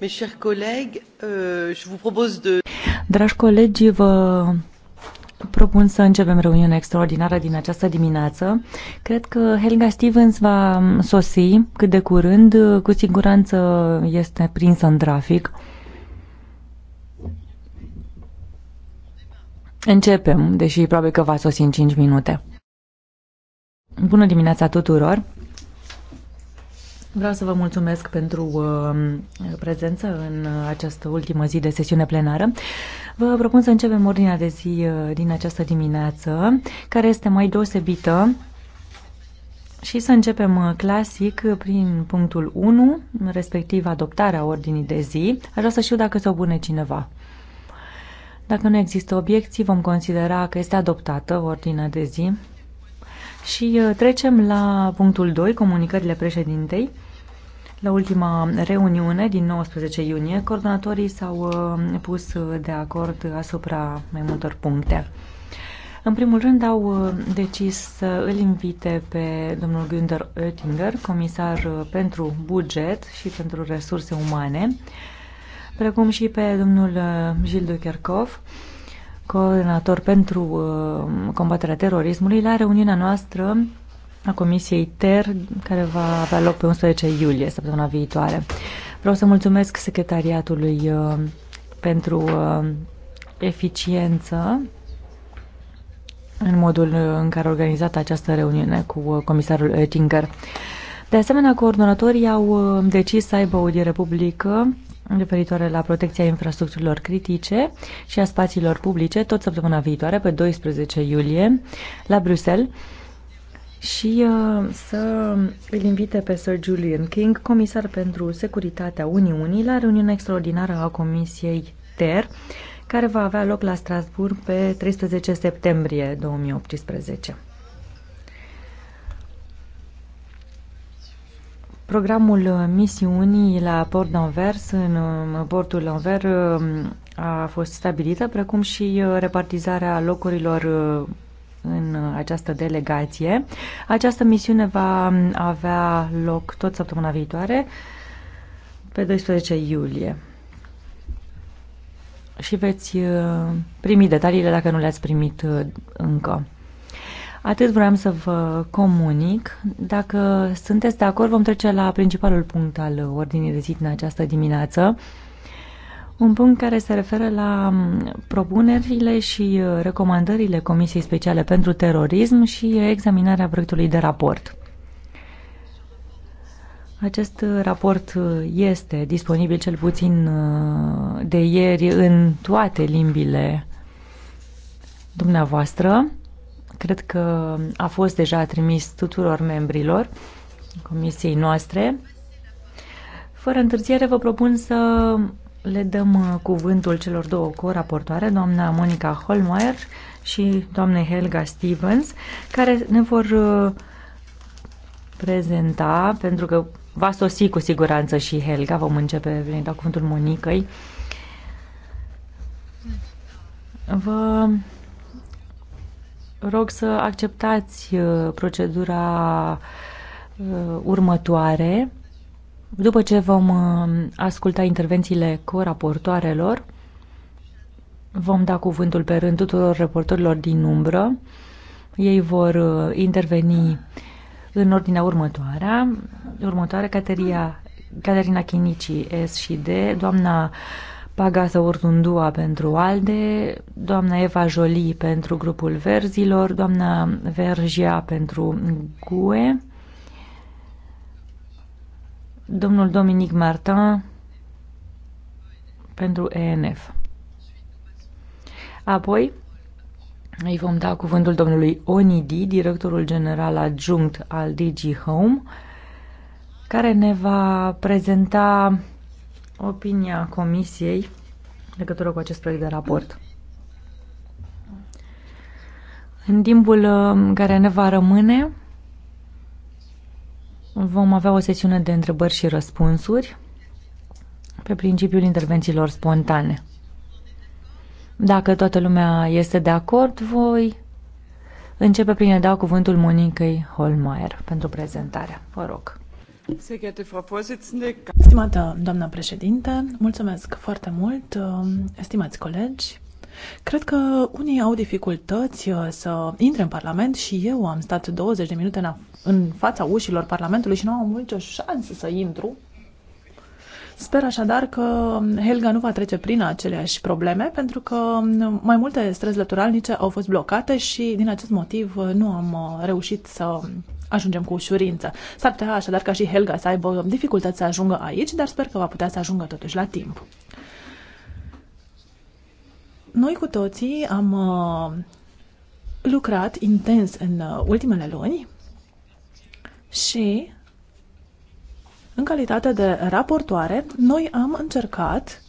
Euh, Dragi colegi, vă propun să începem reuniunea extraordinară din această dimineață. Cred că Helga Stevens va sosi cât de curând, cu siguranță este prinsă în trafic. Începem, deși probabil că va sosi în 5 minute. Bună dimineața tuturor! Vreau să vă mulțumesc pentru uh, prezență în această ultimă zi de sesiune plenară. Vă propun să începem ordinea de zi uh, din această dimineață, care este mai deosebită și să începem uh, clasic prin punctul 1, respectiv adoptarea ordinii de zi. Aș vrea să știu dacă se obune cineva. Dacă nu există obiecții, vom considera că este adoptată ordinea de zi. Și uh, trecem la punctul 2, comunicările președintei. La ultima reuniune din 19 iunie, coordonatorii s-au uh, pus de acord asupra mai multor puncte. În primul rând au uh, decis să îl invite pe domnul Günther Oettinger, comisar pentru buget și pentru resurse umane, precum și pe domnul Gilles de Kerkhoff, coordonator pentru uh, combaterea terorismului, la reuniunea noastră a Comisiei TER, care va avea loc pe 11 iulie, săptămâna viitoare. Vreau să mulțumesc secretariatului uh, pentru uh, eficiență în modul în care a organizat această reuniune cu uh, comisarul Oettinger. De asemenea, coordonatorii au uh, decis să aibă audiere publică referitoare la protecția infrastructurilor critice și a spațiilor publice, tot săptămâna viitoare, pe 12 iulie, la Bruxelles și uh, să îl invite pe Sir Julian King, comisar pentru securitatea Uniunii, la reuniunea extraordinară a Comisiei TER, care va avea loc la Strasbourg pe 13 septembrie 2018. Programul uh, misiunii la Port d'Anvers, în um, portul Anvers, um, a fost stabilită, precum și uh, repartizarea locurilor uh, în această delegație. Această misiune va um, avea loc tot săptămâna viitoare, pe 12 iulie. Și veți primi detaliile dacă nu le-ați primit încă. Atât vreau să vă comunic. Dacă sunteți de acord, vom trece la principalul punct al ordinii de zi în această dimineață. Un punct care se referă la propunerile și uh, recomandările Comisiei Speciale pentru Terorism și examinarea proiectului de raport. Acest uh, raport uh, este disponibil cel puțin de ieri în toate limbile dumneavoastră. Cred că a fost deja trimis tuturor membrilor comisiei noastre. Fără întârziere vă propun să le dăm uh, cuvântul celor două co-raportoare, doamna Monica Holmeier și doamne Helga Stevens, care ne vor uh, prezenta, pentru că va sosi cu siguranță și Helga, vom începe venind la cuvântul Monicăi. Vă rog să acceptați uh, procedura uh, următoare. După ce vom uh, asculta intervențiile raportoarelor, vom da cuvântul pe rând tuturor reportorilor din umbră. Ei vor interveni în ordinea următoarea. Următoare, Caterina Chinici, S și D, doamna Pagasa Urtundua pentru ALDE, doamna Eva Jolie pentru grupul Verzilor, doamna Vergia pentru GUE, domnul Dominic Martin pentru ENF. Apoi îi vom da cuvântul domnului Onidi, directorul general adjunct al DG Home, care ne va prezenta opinia Comisiei legătură cu acest proiect de raport. În timpul um, care ne va rămâne, vom avea o sesiune de întrebări și răspunsuri pe principiul intervențiilor spontane. Dacă toată lumea este de acord, voi începe prin a da cuvântul Monicăi Holmeier pentru prezentarea. Vă rog. Stimată doamnă președinte, mulțumesc foarte mult, estimați um, colegi. Cred că unii au dificultăți uh, să intre în Parlament și eu am stat 20 de minute în fața ușilor Parlamentului și nu am avut nicio șansă să intru. Sper așadar că um, Helga nu va trece prin aceleași probleme, pentru că um, mai multe străzi lateralnice au fost blocate și din acest motiv uh, nu am uh, reușit să ajungem cu ușurință. S-ar putea așadar ca și Helga să aibă dificultăți să ajungă aici, dar sper că va putea să ajungă totuși la timp. Noi cu toții am uh, lucrat intens în uh, ultimele luni și în calitate de raportoare, noi am încercat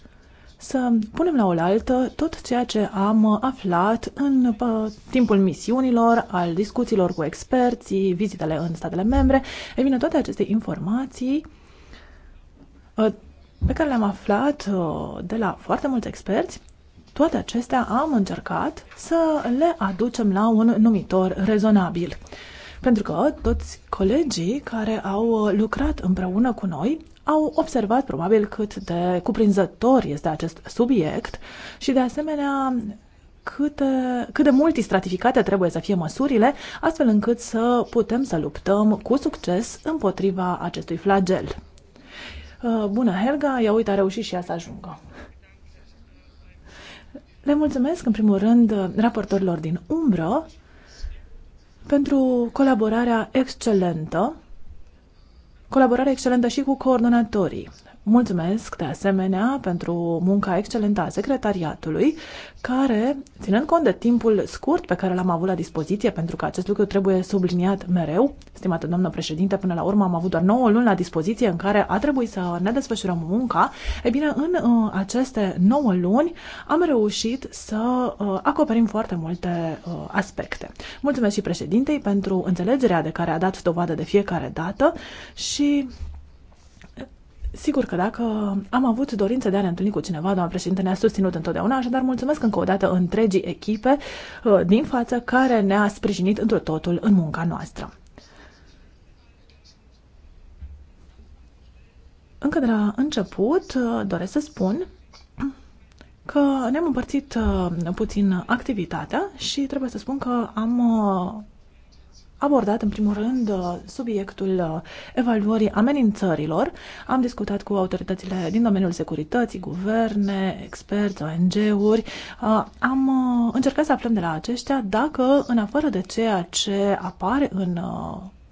să punem la oaltă tot ceea ce am aflat în uh, timpul misiunilor, al discuțiilor cu experții, vizitele în statele membre. Ei bine, toate aceste informații uh, pe care le-am aflat uh, de la foarte mulți experți, toate acestea am încercat să le aducem la un numitor rezonabil. Pentru că toți colegii care au lucrat împreună cu noi au observat probabil cât de cuprinzător este acest subiect și de asemenea cât, cât de multistratificate trebuie să fie măsurile, astfel încât să putem să luptăm cu succes împotriva acestui flagel. Uh, bună, Helga! Ia uite, a reușit și ea să ajungă. Le mulțumesc, în primul rând, raportorilor din umbră pentru colaborarea excelentă colaborare excelentă și cu coordonatorii. Mulțumesc de asemenea pentru munca excelentă a secretariatului, care, ținând cont de timpul scurt pe care l-am avut la dispoziție, pentru că acest lucru trebuie subliniat mereu, stimată doamnă președinte, până la urmă am avut doar 9 luni la dispoziție în care a trebuit să ne desfășurăm munca, e bine, în uh, aceste 9 luni am reușit să uh, acoperim foarte multe uh, aspecte. Mulțumesc și președintei pentru înțelegerea de care a dat dovadă de fiecare dată și Sigur că dacă am avut dorința de a ne întâlni cu cineva, doamna președinte ne-a susținut întotdeauna, așadar mulțumesc încă o dată întregii echipe uh, din față care ne-a sprijinit într totul în munca noastră. Încă de la început uh, doresc să spun că ne-am împărțit uh, puțin activitatea și trebuie să spun că am abordat în primul rând uh, subiectul uh, evaluării amenințărilor. Am discutat cu autoritățile din domeniul securității, guverne, experți, ONG-uri. Uh, am încercat să aflăm de la aceștia dacă, în afară de ceea ce apare în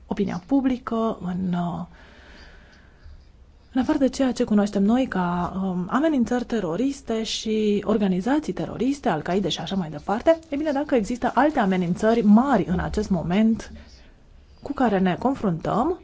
opinia publică, în în afară de ceea ce cunoaștem noi ca um, amenințări teroriste și organizații teroriste, Al-Qaeda și așa mai departe, e bine dacă există alte amenințări mari în acest moment cu care ne confruntăm,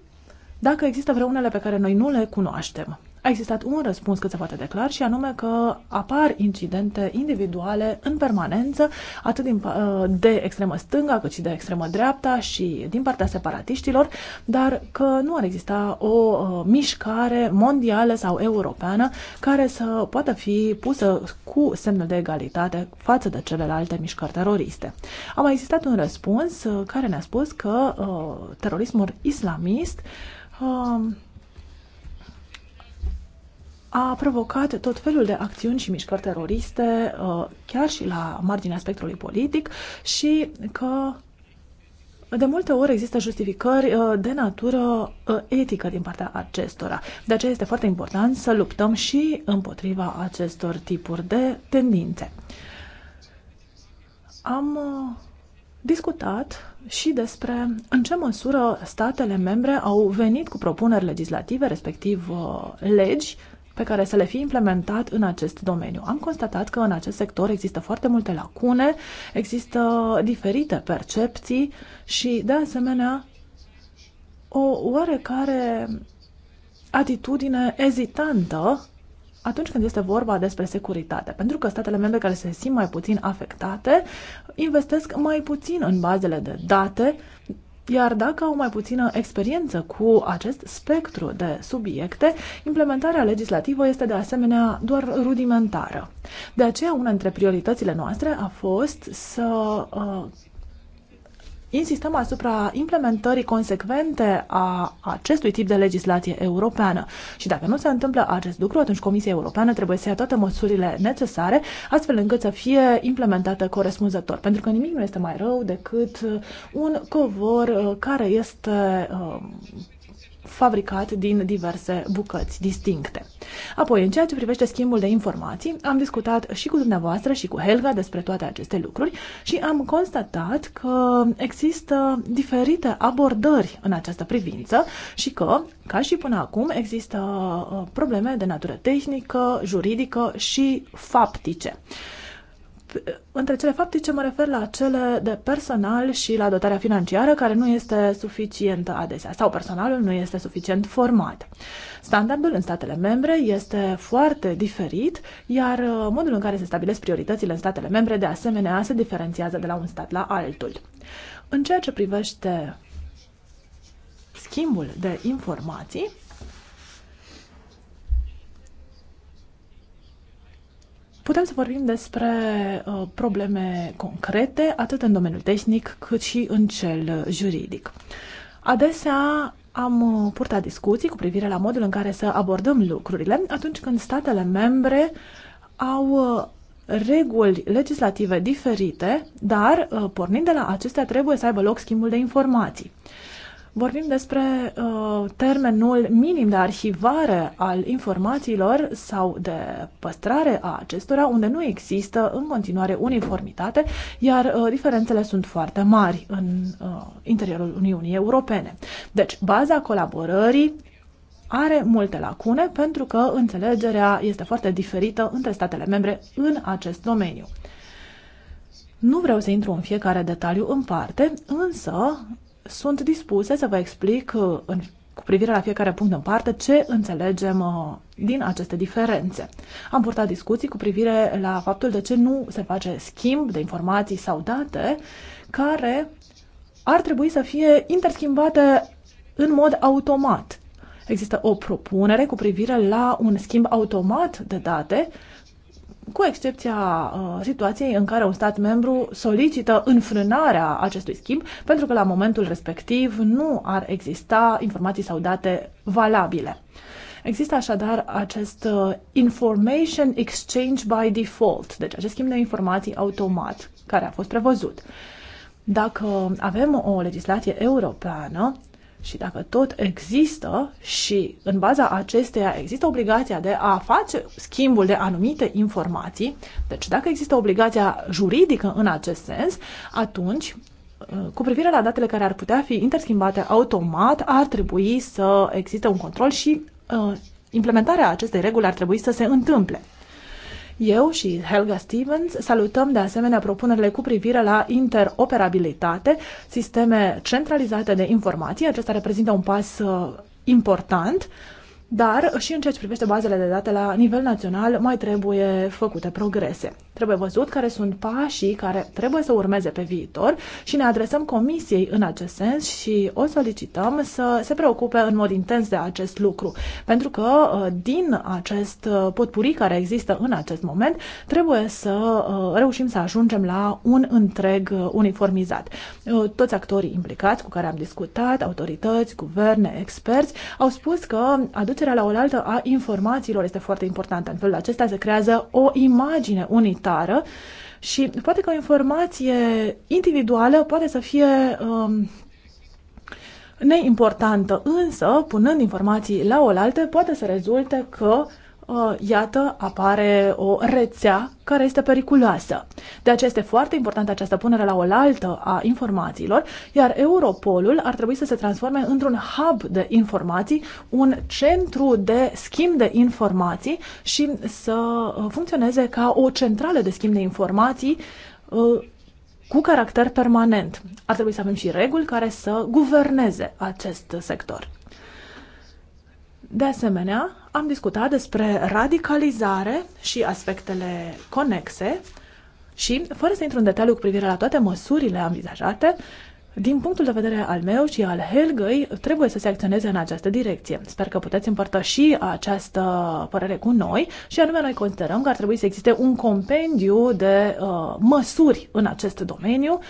dacă există vreunele pe care noi nu le cunoaștem a existat un răspuns cât se poate de clar și anume că apar incidente individuale în permanență, atât din, uh, de extremă stânga cât și de extremă dreapta și din partea separatiștilor, dar că nu ar exista o uh, mișcare mondială sau europeană care să poată fi pusă cu semnul de egalitate față de celelalte mișcări teroriste. A mai existat un răspuns uh, care ne-a spus că uh, terorismul islamist a provocat tot felul de acțiuni și mișcări teroriste, uh, chiar și la marginea spectrului politic, și că de multe ori există justificări uh, de natură uh, etică din partea acestora. De aceea este foarte important să luptăm și împotriva acestor tipuri de tendințe. Am discutat și despre în ce măsură statele membre au venit cu propuneri legislative, respectiv legi, pe care să le fi implementat în acest domeniu. Am constatat că în acest sector există foarte multe lacune, există diferite percepții și, de asemenea, o oarecare atitudine ezitantă atunci când este vorba despre securitate. Pentru că statele membre care se simt mai puțin afectate investesc mai puțin în bazele de date iar dacă au mai puțină experiență cu acest spectru de subiecte, implementarea legislativă este de asemenea doar rudimentară. De aceea, una dintre prioritățile noastre a fost să uh, insistăm asupra implementării consecvente a acestui tip de legislație europeană. Și dacă nu se întâmplă acest lucru, atunci Comisia Europeană trebuie să ia toate măsurile necesare, astfel încât să fie implementată corespunzător. Pentru că nimic nu este mai rău decât un covor uh, care este uh, fabricat din diverse bucăți distincte. Apoi, în ceea ce privește schimbul de informații, am discutat și cu dumneavoastră și cu Helga despre toate aceste lucruri și am constatat că există diferite abordări în această privință și că, ca și până acum, există uh, probleme de natură tehnică, juridică și faptice. Între cele faptice mă refer la cele de personal și la dotarea financiară, care nu este suficientă adesea, sau personalul nu este suficient format. Standardul în statele membre este foarte diferit, iar uh, modul în care se stabilesc prioritățile în statele membre, de asemenea, se diferențiază de la un stat la altul. În ceea ce privește schimbul de informații, Putem să vorbim despre uh, probleme concrete, atât în domeniul tehnic, cât și în cel juridic. Adesea am uh, purtat discuții cu privire la modul în care să abordăm lucrurile atunci când statele membre au uh, reguli legislative diferite, dar uh, pornind de la acestea trebuie să aibă loc schimbul de informații. Vorbim despre uh, termenul minim de arhivare al informațiilor sau de păstrare a acestora, unde nu există în continuare uniformitate, iar uh, diferențele sunt foarte mari în uh, interiorul Uniunii Europene. Deci, baza colaborării are multe lacune pentru că înțelegerea este foarte diferită între statele membre în acest domeniu. Nu vreau să intru în fiecare detaliu în parte, însă sunt dispuse să vă explic uh, în, cu privire la fiecare punct în parte ce înțelegem uh, din aceste diferențe. Am purtat discuții cu privire la faptul de ce nu se face schimb de informații sau date care ar trebui să fie interschimbate în mod automat. Există o propunere cu privire la un schimb automat de date cu excepția uh, situației în care un stat membru solicită înfrânarea acestui schimb, pentru că la momentul respectiv nu ar exista informații sau date valabile. Există așadar acest uh, information exchange by default, deci acest schimb de informații automat care a fost prevăzut. Dacă avem o legislație europeană, și dacă tot există și în baza acesteia există obligația de a face schimbul de anumite informații, deci dacă există obligația juridică în acest sens, atunci uh, cu privire la datele care ar putea fi interschimbate automat, ar trebui să existe un control și uh, implementarea acestei reguli ar trebui să se întâmple. Eu și Helga Stevens salutăm de asemenea propunerile cu privire la interoperabilitate, sisteme centralizate de informații. Acesta reprezintă un pas uh, important dar și în ceea ce privește bazele de date la nivel național mai trebuie făcute progrese. Trebuie văzut care sunt pașii care trebuie să urmeze pe viitor și ne adresăm comisiei în acest sens și o solicităm să se preocupe în mod intens de acest lucru. Pentru că uh, din acest uh, potpuri care există în acest moment trebuie să uh, reușim să ajungem la un întreg uniformizat. Toți actorii implicați cu care am discutat, autorități, guverne, experți, au spus că aduce aducerea la oaltă a informațiilor este foarte importantă. În felul acesta se creează o imagine unitară și poate că o informație individuală poate să fie um, neimportantă, însă, punând informații la oaltă, poate să rezulte că uh, Uh, iată, apare o rețea care este periculoasă. De aceea este foarte importantă această punere la oaltă a informațiilor, iar Europolul ar trebui să se transforme într-un hub de informații, un centru de schimb de informații și să uh, funcționeze ca o centrală de schimb de informații uh, cu caracter permanent. Ar trebui să avem și reguli care să guverneze acest sector. De asemenea, am discutat despre radicalizare și aspectele conexe și, fără să intru în detaliu cu privire la toate măsurile amvizajate, din punctul de vedere al meu și al Helgăi, trebuie să se acționeze în această direcție. Sper că puteți împărtăși această părere cu noi și anume noi considerăm că ar trebui să existe un compendiu de uh, măsuri în acest domeniu uh,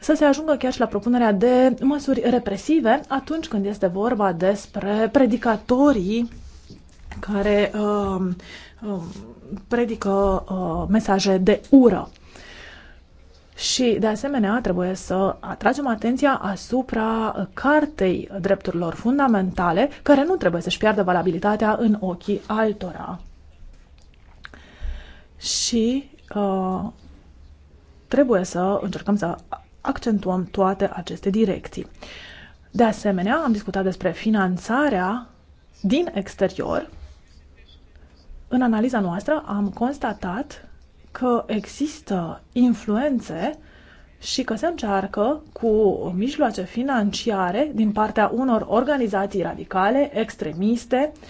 să se ajungă chiar și la propunerea de măsuri represive atunci când este vorba despre predicatorii care uh, predică uh, mesaje de ură. Și, de asemenea, trebuie să atragem atenția asupra Cartei Drepturilor Fundamentale, care nu trebuie să-și piardă valabilitatea în ochii altora. Și uh, trebuie să încercăm să accentuăm toate aceste direcții. De asemenea, am discutat despre finanțarea din exterior. În analiza noastră am constatat că există influențe și că se încearcă cu mijloace financiare din partea unor organizații radicale, extremiste, uh,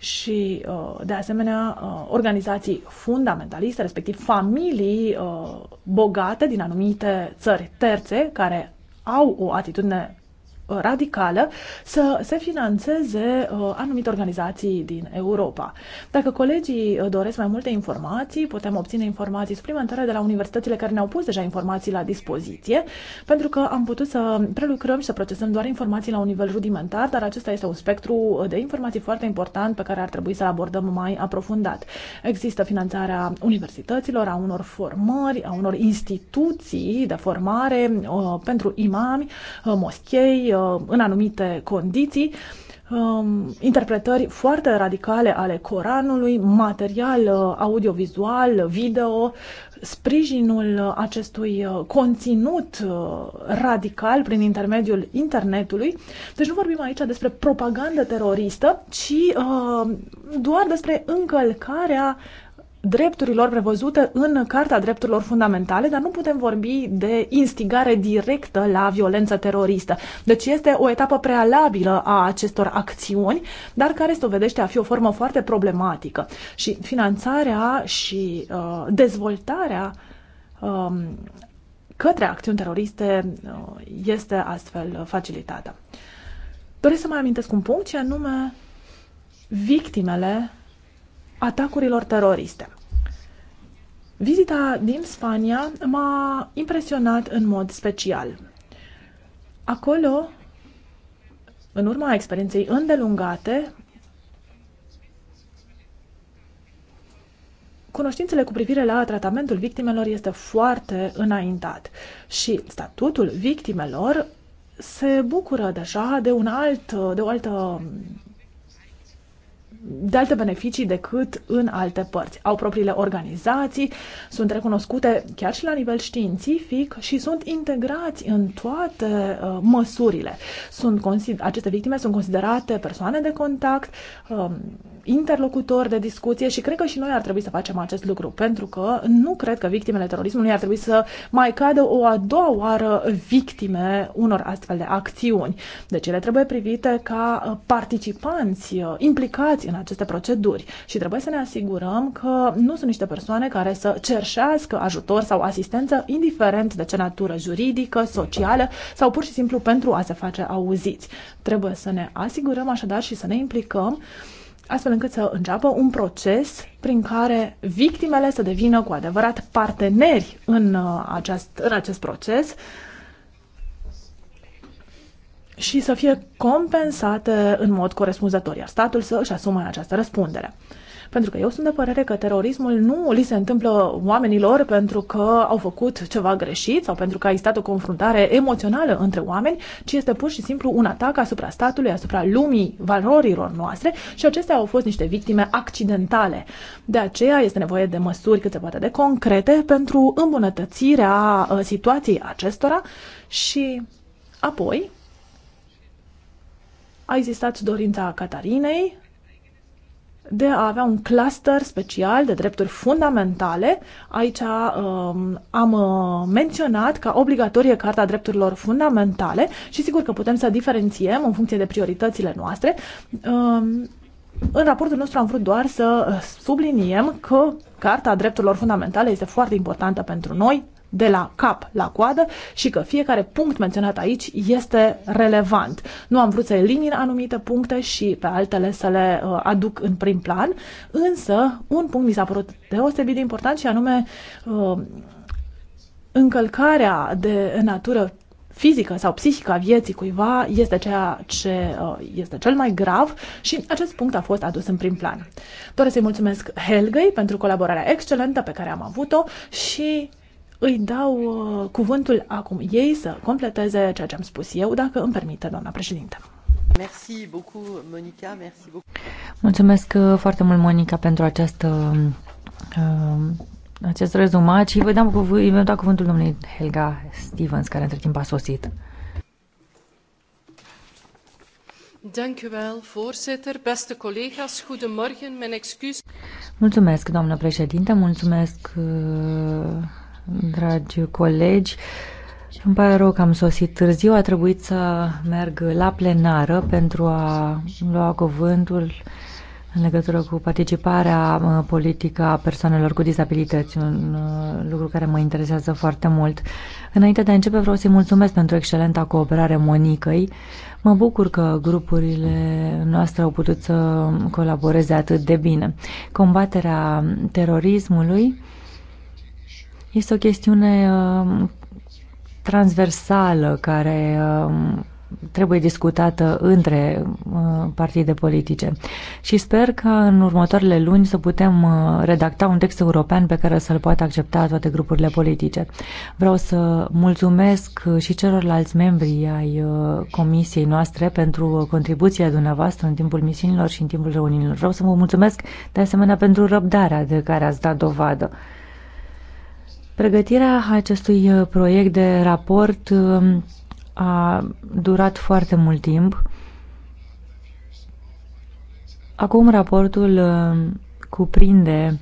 și, uh, de asemenea, uh, organizații fundamentaliste, respectiv familii uh, bogate din anumite țări terțe, care au o atitudine Uh, radicală să se financeze uh, anumite organizații din Europa. Dacă colegii uh, doresc mai multe informații, putem obține informații suplimentare de la universitățile care ne-au pus deja informații la dispoziție, pentru că am putut să prelucrăm și să procesăm doar informații la un nivel rudimentar, dar acesta este un spectru de informații foarte important pe care ar trebui să-l abordăm mai aprofundat. Există finanțarea universităților, a unor formări, a unor instituții de formare pentru imami, moschei, Uh, în anumite condiții, um, interpretări foarte radicale ale Coranului, material uh, audiovizual, video, sprijinul uh, acestui conținut radical prin intermediul internetului. Deci nu vorbim aici despre propagandă teroristă, ci doar despre încălcarea drepturilor prevăzute în Carta Drepturilor Fundamentale, dar nu putem vorbi de instigare directă la violență teroristă. Deci este o etapă prealabilă a acestor acțiuni, dar care se dovedește a fi o formă foarte problematică. Și finanțarea și uh, dezvoltarea um, către acțiuni teroriste uh, este astfel facilitată. Doresc să mai amintesc un punct, ce anume victimele atacurilor teroriste. Vizita din Spania m-a impresionat în mod special. Acolo, în urma experienței îndelungate, cunoștințele cu privire la tratamentul victimelor este foarte înaintat și statutul victimelor se bucură deja de un alt, de o altă de alte beneficii decât în alte părți. Au propriile organizații, sunt recunoscute chiar și la nivel științific și sunt integrați în toate uh, măsurile. Sunt aceste victime sunt considerate persoane de contact, uh, interlocutor de discuție și cred că și noi ar trebui să facem acest lucru, pentru că nu cred că victimele terorismului ar trebui să mai cadă o a doua oară victime unor astfel de acțiuni. Deci ele trebuie privite ca uh, participanți uh, implicați în aceste proceduri și trebuie să ne asigurăm că nu sunt niște persoane care să cerșească ajutor sau asistență, indiferent de ce natură juridică, socială sau pur și simplu pentru a se face auziți. Trebuie să ne asigurăm așadar și să ne implicăm astfel încât să înceapă un proces prin care victimele să devină cu adevărat parteneri în uh, acest, în acest proces și să fie compensate în mod corespunzător, iar statul să își asume această răspundere. Pentru că eu sunt de părere că terorismul nu li se întâmplă oamenilor pentru că au făcut ceva greșit sau pentru că a existat o confruntare emoțională între oameni, ci este pur și simplu un atac asupra statului, asupra lumii, valorilor noastre și acestea au fost niște victime accidentale. De aceea este nevoie de măsuri cât se poate de concrete pentru îmbunătățirea uh, situației acestora și apoi a existat dorința Catarinei de a avea un cluster special de drepturi fundamentale. Aici um, am uh, menționat ca obligatorie Carta Drepturilor Fundamentale și sigur că putem să diferențiem în funcție de prioritățile noastre. Um, în raportul nostru am vrut doar să subliniem că Carta Drepturilor Fundamentale este foarte importantă pentru noi, de la cap la coadă și că fiecare punct menționat aici este relevant. Nu am vrut să elimin anumite puncte și pe altele să le uh, aduc în prim plan, însă un punct mi s-a părut deosebit de important și anume uh, încălcarea de natură fizică sau psihică a vieții cuiva este ceea ce uh, este cel mai grav și acest punct a fost adus în prim plan. Doresc să-i mulțumesc Helgei pentru colaborarea excelentă pe care am avut-o și îi dau uh, cuvântul acum ei să completeze ceea ce am spus eu, dacă îmi permite, doamna președinte. Merci beaucoup, Monica. Merci beaucoup. Mulțumesc uh, foarte mult, Monica, pentru această, uh, acest rezumat și vă dau, cuv- îi dau cuvântul domnului Helga Stevens, care între timp a sosit. Dank u wel, voorzitter. Beste collega's, goedemorgen. Mijn excuus. Mulțumesc, doamnă președinte, mulțumesc uh, dragi colegi. Îmi pare rău că am sosit târziu, a trebuit să merg la plenară pentru a lua cuvântul în legătură cu participarea uh, politică a persoanelor cu dizabilități, un uh, lucru care mă interesează foarte mult. Înainte de a începe, vreau să-i mulțumesc pentru excelenta cooperare Monicăi. Mă bucur că grupurile noastre au putut să colaboreze atât de bine. Combaterea terorismului este o chestiune um, transversală care um, trebuie discutată între uh, partide politice și sper că în următoarele luni să putem uh, redacta un text european pe care să-l poată accepta toate grupurile politice. Vreau să mulțumesc uh, și celorlalți membri ai comisiei noastre pentru contribuția dumneavoastră în timpul misiunilor și în timpul reuniunilor. Vreau să vă mulțumesc de asemenea pentru răbdarea de care ați dat dovadă. Pregătirea acestui uh, proiect de raport um, a durat foarte mult timp. Acum raportul um, cuprinde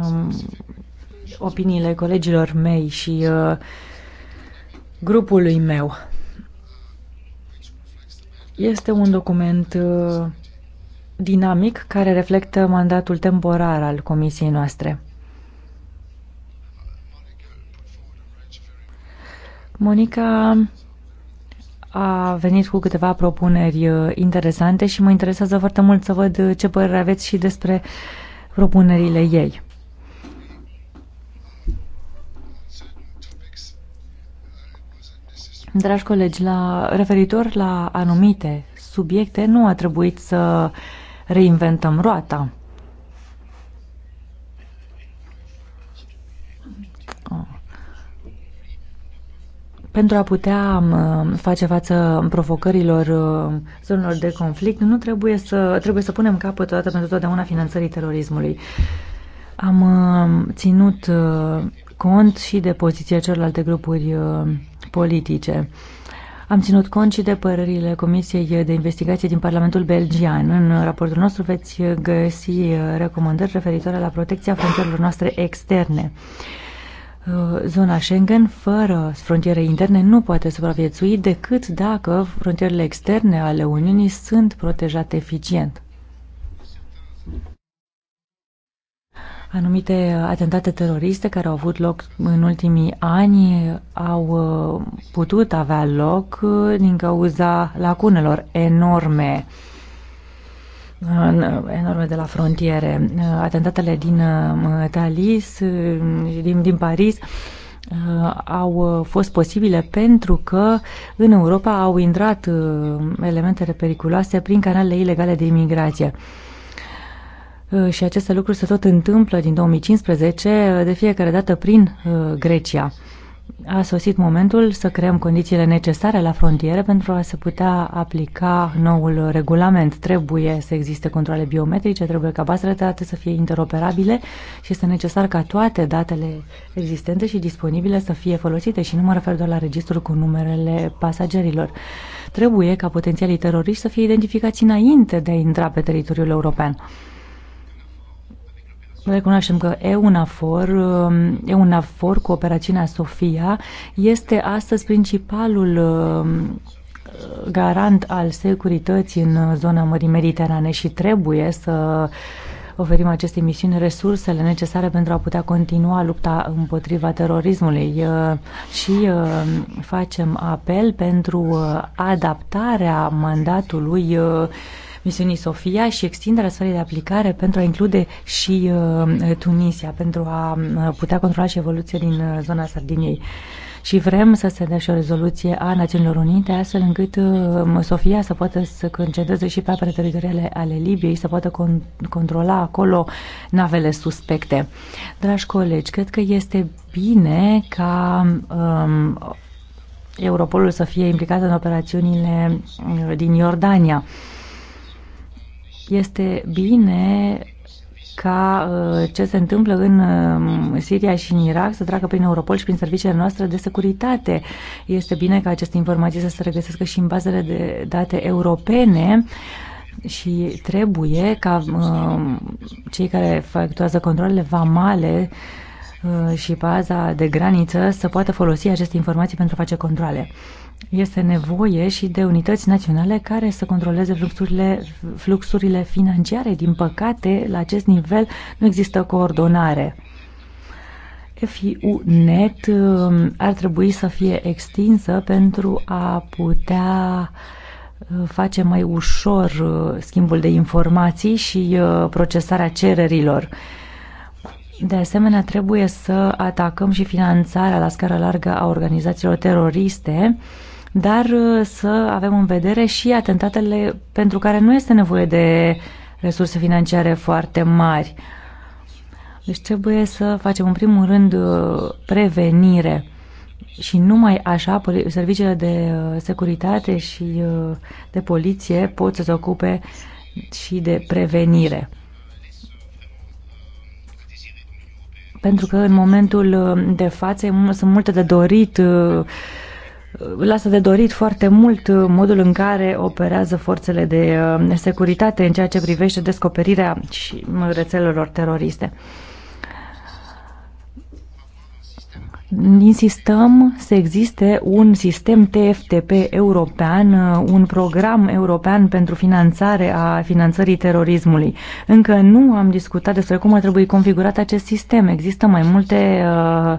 um, opiniile colegilor mei și uh, grupului meu. Este un document uh, dinamic care reflectă mandatul temporar al comisiei noastre. Monica a venit cu câteva propuneri uh, interesante și mă interesează foarte mult să văd uh, ce părere aveți și despre propunerile ei. Dragi colegi, la, referitor la anumite subiecte, nu a trebuit să reinventăm roata. pentru a putea um, face față provocărilor um, zonelor de conflict, nu trebuie să, trebuie să punem capăt odată pentru totdeauna finanțării terorismului. Am um, ținut uh, cont și de poziția celorlalte grupuri uh, politice. Am ținut cont și de părerile Comisiei de Investigație din Parlamentul Belgian. În raportul nostru veți găsi uh, recomandări referitoare la protecția frontierelor noastre externe. Uh, zona Schengen fără frontiere interne nu poate supraviețui decât dacă frontierele externe ale Uniunii sunt protejate eficient. Anumite atentate teroriste care au avut loc în ultimii ani au uh, putut avea loc uh, din cauza lacunelor enorme enorme de la frontiere. Atentatele din uh, Talis și uh, din, din Paris uh, au fost posibile pentru că în Europa au intrat elementele periculoase prin canalele ilegale de imigrație. Și aceste lucruri se tot întâmplă din 2015, de fiecare dată prin Grecia a sosit momentul să creăm condițiile necesare la frontiere pentru a se putea aplica noul regulament. Trebuie să existe controle biometrice, trebuie ca bazele de date să fie interoperabile și este necesar ca toate datele existente și disponibile să fie folosite și nu mă refer doar la registrul cu numerele pasagerilor. Trebuie ca potențialii teroriști să fie identificați înainte de a intra pe teritoriul european. Recunoaștem că EUNAFOR, um, EUNAFOR cu operațiunea Sofia, este astăzi principalul um, garant al securității în zona Mării Mediterane și trebuie să oferim acestei misiuni resursele necesare pentru a putea continua lupta împotriva terorismului uh, și uh, facem apel pentru uh, adaptarea mandatului misiunii Sofia și extinderea sferei de aplicare pentru a include și uh, Tunisia, pentru a uh, putea controla și evoluția din uh, zona Sardiniei și vrem să se dea și o rezoluție a Națiunilor Unite, astfel încât Sofia să poată să concentreze și pe apele teritoriale ale Libiei, să poată con- controla acolo navele suspecte. Dragi colegi, cred că este bine ca um, Europolul să fie implicat în operațiunile din Iordania. Uh, este bine ca uh, ce se întâmplă în um, Siria și în Irak să treacă prin Europol și prin serviciile noastre de securitate. Este bine ca aceste informații să se regăsească și în bazele de date europene și trebuie ca um, cei care efectuează controlele vamale uh, și baza de graniță să poată folosi aceste informații pentru a face controle. Este nevoie și de unități naționale care să controleze fluxurile, fluxurile financiare. Din păcate, la acest nivel nu există coordonare. FIU-net um, ar trebui să fie extinsă pentru a putea uh, face mai ușor uh, schimbul de informații și uh, procesarea cererilor. De asemenea, trebuie să atacăm și finanțarea la scară largă a organizațiilor teroriste dar uh, să avem în vedere și atentatele pentru care nu este nevoie de resurse financiare foarte mari. Deci trebuie să facem în primul rând uh, prevenire și numai așa serviciile de uh, securitate și de poliție pot să se ocupe și de prevenire. Pentru că în momentul de față sunt multe de dorit lasă de dorit foarte mult uh, modul în care operează forțele de uh, securitate în ceea ce privește descoperirea și uh, rețelelor teroriste. Insistăm să existe un sistem TFTP european, un program european pentru finanțare a finanțării terorismului. Încă nu am discutat despre cum ar trebui configurat acest sistem. Există mai multe uh,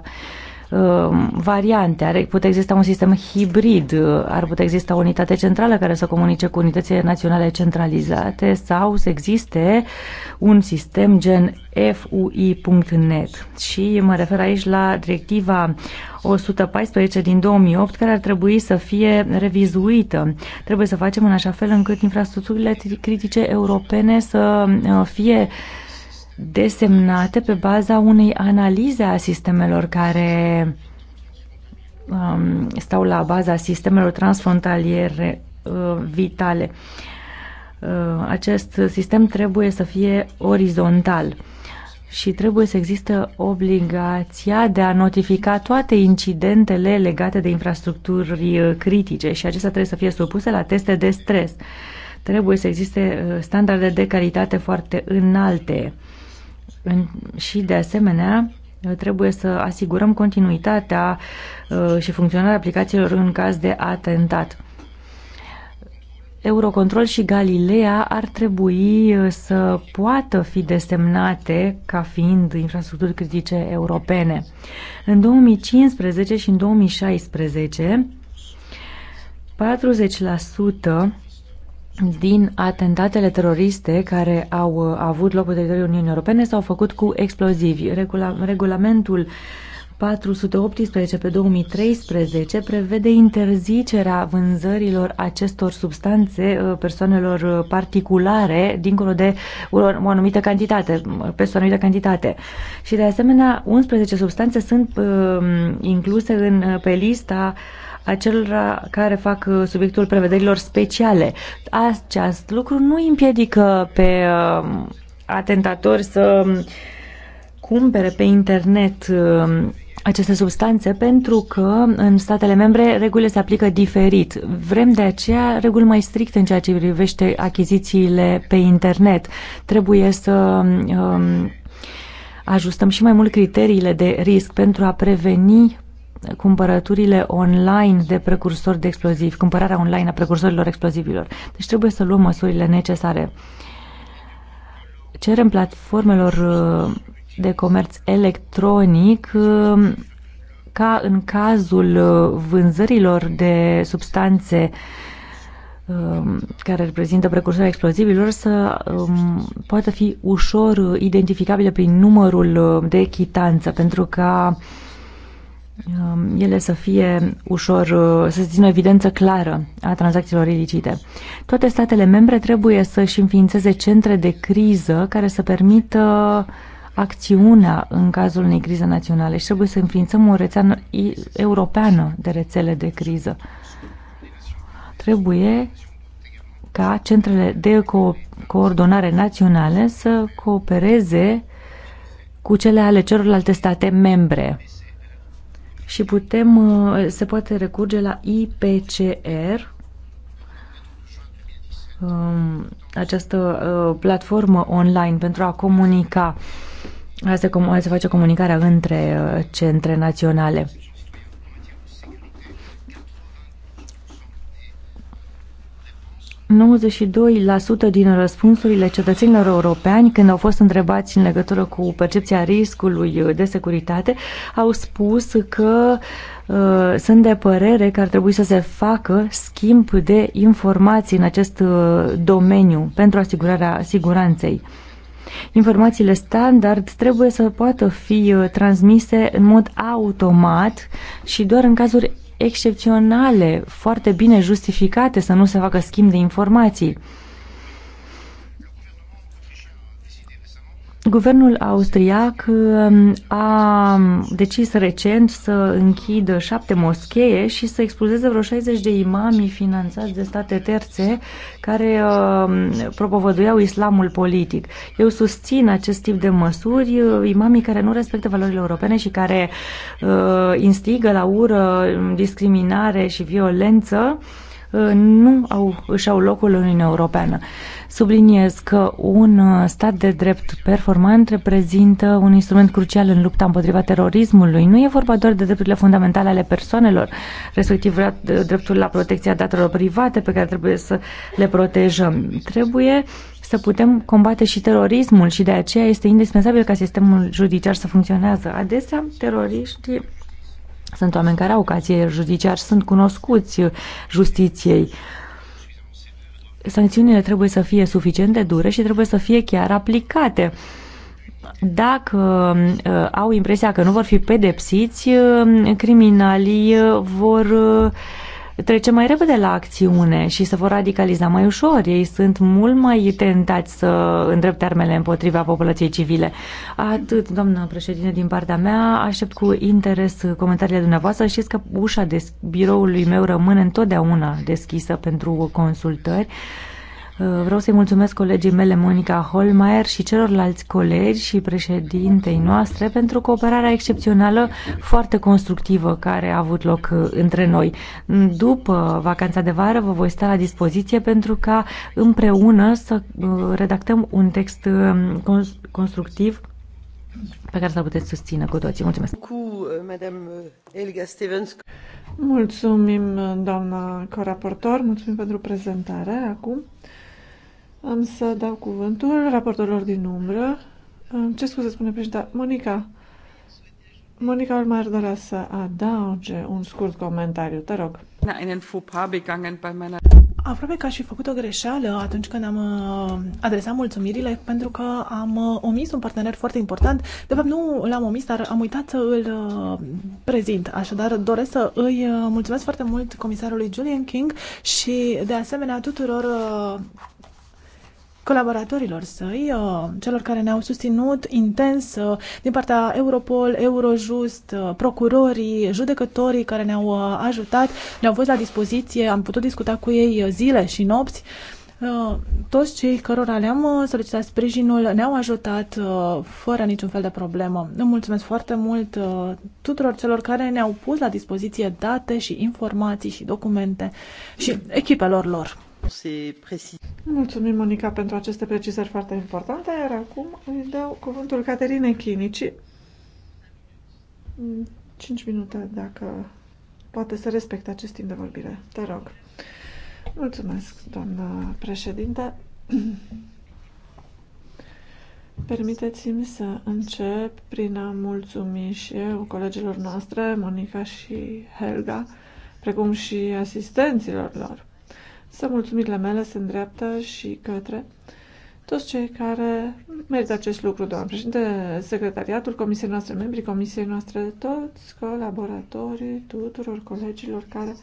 Um, variante. Ar putea exista un sistem hibrid, uh, ar putea exista o unitate centrală care să comunice cu unitățile naționale centralizate sau să existe un sistem gen fui.net. Și mă refer aici la directiva 114 din 2008, care ar trebui să fie revizuită. Trebuie să facem în așa fel încât infrastructurile critice europene să uh, fie uh, desemnate pe baza unei analize a sistemelor care um, stau la baza sistemelor transfrontaliere uh, vitale. Uh, acest sistem trebuie să fie orizontal și trebuie să există obligația de a notifica toate incidentele legate de infrastructuri uh, critice și acestea trebuie să fie supuse la teste de stres. Trebuie să existe uh, standarde de calitate foarte înalte și, de asemenea, trebuie să asigurăm continuitatea uh, și funcționarea aplicațiilor în caz de atentat. Eurocontrol și Galilea ar trebui uh, să poată fi desemnate ca fiind infrastructuri critice europene. În 2015 și în 2016, 40% din atentatele teroriste care au uh, avut loc pe teritoriul Uniunii Europene s-au făcut cu explozivi. Regula regulamentul 418 pe 2013 prevede interzicerea vânzărilor acestor substanțe uh, persoanelor uh, particulare dincolo de o anumită cantitate, peste o anumită cantitate. Și de asemenea, 11 substanțe sunt incluse în, pe lista uh, acelor care fac uh, subiectul prevederilor speciale. Acest lucru nu împiedică pe um, atentatori să um, cumpere pe internet um, aceste substanțe pentru că în statele membre regulile se aplică diferit. Vrem de aceea reguli mai stricte în ceea ce privește achizițiile pe internet. Trebuie să um, ajustăm și mai mult criteriile de risc pentru a preveni cumpărăturile online de precursori de explozivi, cumpărarea online a precursorilor explozivilor. Deci trebuie să luăm măsurile necesare. Cerem platformelor uh, de comerț electronic uh, ca în cazul uh, vânzărilor de substanțe um, care reprezintă precursori explozivilor să um, poată fi ușor identificabile prin numărul de chitanță pentru că uh, Um, ele să fie ușor, uh, să țină evidență clară a tranzacțiilor ilicite. Toate statele membre trebuie să-și înființeze centre de criză care să permită acțiunea în cazul unei crize naționale și trebuie să înființăm o rețea europeană de rețele de criză. Trebuie ca centrele de co- coordonare naționale să coopereze cu cele ale celorlalte state membre și putem, uh, se poate recurge la IPCR, um, această uh, platformă online pentru a comunica, a se, face comunicarea între uh, centre naționale. 92% din răspunsurile cetățenilor europeni, când au fost întrebați în legătură cu percepția riscului de securitate, au spus că uh, sunt de părere că ar trebui să se facă schimb de informații în acest uh, domeniu pentru asigurarea siguranței. Informațiile standard trebuie să poată fi uh, transmise în mod automat și doar în cazuri excepționale, foarte bine justificate, să nu se facă schimb de informații. Guvernul austriac um, a decis recent să închidă șapte moschee și să expulzeze vreo 60 de imami finanțați de state terțe care um, propovăduiau islamul politic. Eu susțin acest tip de măsuri, uh, imamii care nu respectă valorile europene și care uh, instigă la ură, discriminare și violență Uh, nu au, își au locul în Uniunea Europeană. Subliniez că un uh, stat de drept performant reprezintă un instrument crucial în lupta împotriva terorismului. Nu e vorba doar de drepturile fundamentale ale persoanelor, respectiv dreptul la protecția datelor private pe care trebuie să le protejăm. Trebuie să putem combate și terorismul și de aceea este indispensabil ca sistemul judiciar să funcționează. Adesea, teroriștii sunt oameni care au cazier judiciar, sunt cunoscuți justiției. Sancțiunile trebuie să fie suficient de dure și trebuie să fie chiar aplicate dacă uh, au impresia că nu vor fi pedepsiți, uh, criminalii uh, vor trece mai repede la acțiune și se vor radicaliza mai ușor. Ei sunt mult mai tentați să îndrepte armele împotriva populației civile. Atât, doamna președinte, din partea mea, aștept cu interes comentariile dumneavoastră. Știți că ușa de biroului meu rămâne întotdeauna deschisă pentru consultări. Uh, vreau să-i mulțumesc colegii mele Monica Holmeier și celorlalți colegi și președintei noastre pentru cooperarea excepțională, foarte constructivă care a avut loc uh, între noi. După vacanța de vară vă voi sta la dispoziție pentru ca împreună să uh, redactăm un text constructiv pe care să-l puteți susține cu toții. Mulțumesc! Cu Madame Elga Stevens. Mulțumim, doamna coraportor, mulțumim pentru prezentare. Acum am să dau cuvântul raportorilor din umbră. Ce scuze spune președinta? Monica. Monica Olmar dorea să adauge un scurt comentariu. Te rog. Aproape că aș fi făcut o greșeală atunci când am uh, adresat mulțumirile pentru că am uh, omis un partener foarte important. De fapt, nu l-am omis, dar am uitat să îl uh, prezint. Așadar, doresc să îi mulțumesc foarte mult comisarului Julian King și, de asemenea, tuturor colaboratorilor săi, uh, celor care ne-au susținut intens uh, din partea Europol, Eurojust, uh, procurorii, judecătorii care ne-au ajutat, ne-au fost la dispoziție, am putut discuta cu ei zile și nopți. Toți cei cărora le-am solicitat sprijinul ne-au ajutat fără niciun fel de problemă. Îmi mulțumesc foarte mult tuturor celor care ne-au pus la dispoziție date și informații și documente și echipelor lor. Mulțumim, Monica, pentru aceste precizări foarte importante, iar acum îi dau cuvântul Caterinei Chinici. 5 minute, dacă poate să respecte acest timp de vorbire. Te rog. Mulțumesc, doamnă președinte. Permiteți-mi să încep prin a mulțumi și eu colegilor noastre, Monica și Helga, precum și asistenților lor să mulțumirile mele se îndreaptă și către toți cei care merită acest lucru, doamnă președinte, secretariatul comisiei noastre, membrii comisiei noastre, toți colaboratorii, tuturor colegilor care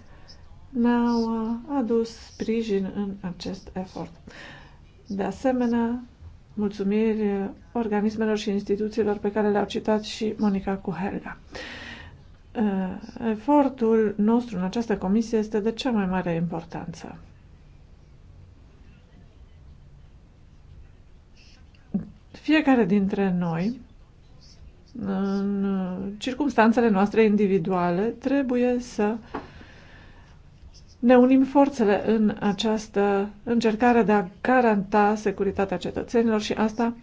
ne-au uh, adus sprijin în acest efort. De asemenea, mulțumiri organismelor și instituțiilor pe care le-au citat și Monica cu Helga. Uh, efortul nostru în această comisie este de cea mai mare importanță. Fiecare dintre noi, în circumstanțele noastre individuale, trebuie să ne unim forțele în această încercare de a garanta securitatea cetățenilor și asta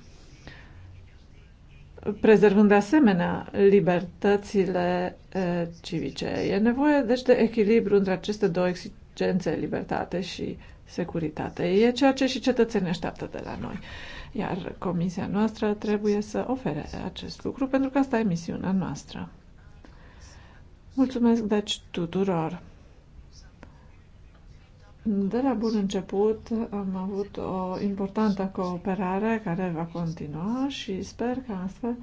prezervând de asemenea libertățile eh, civice. E nevoie, deci, de echilibru între aceste două urgențe, libertate și securitate. E ceea ce și cetățenii așteaptă de la noi. Iar comisia noastră trebuie să ofere acest lucru pentru că asta e misiunea noastră. Mulțumesc deci tuturor! De la bun început am avut o importantă cooperare care va continua și sper că astfel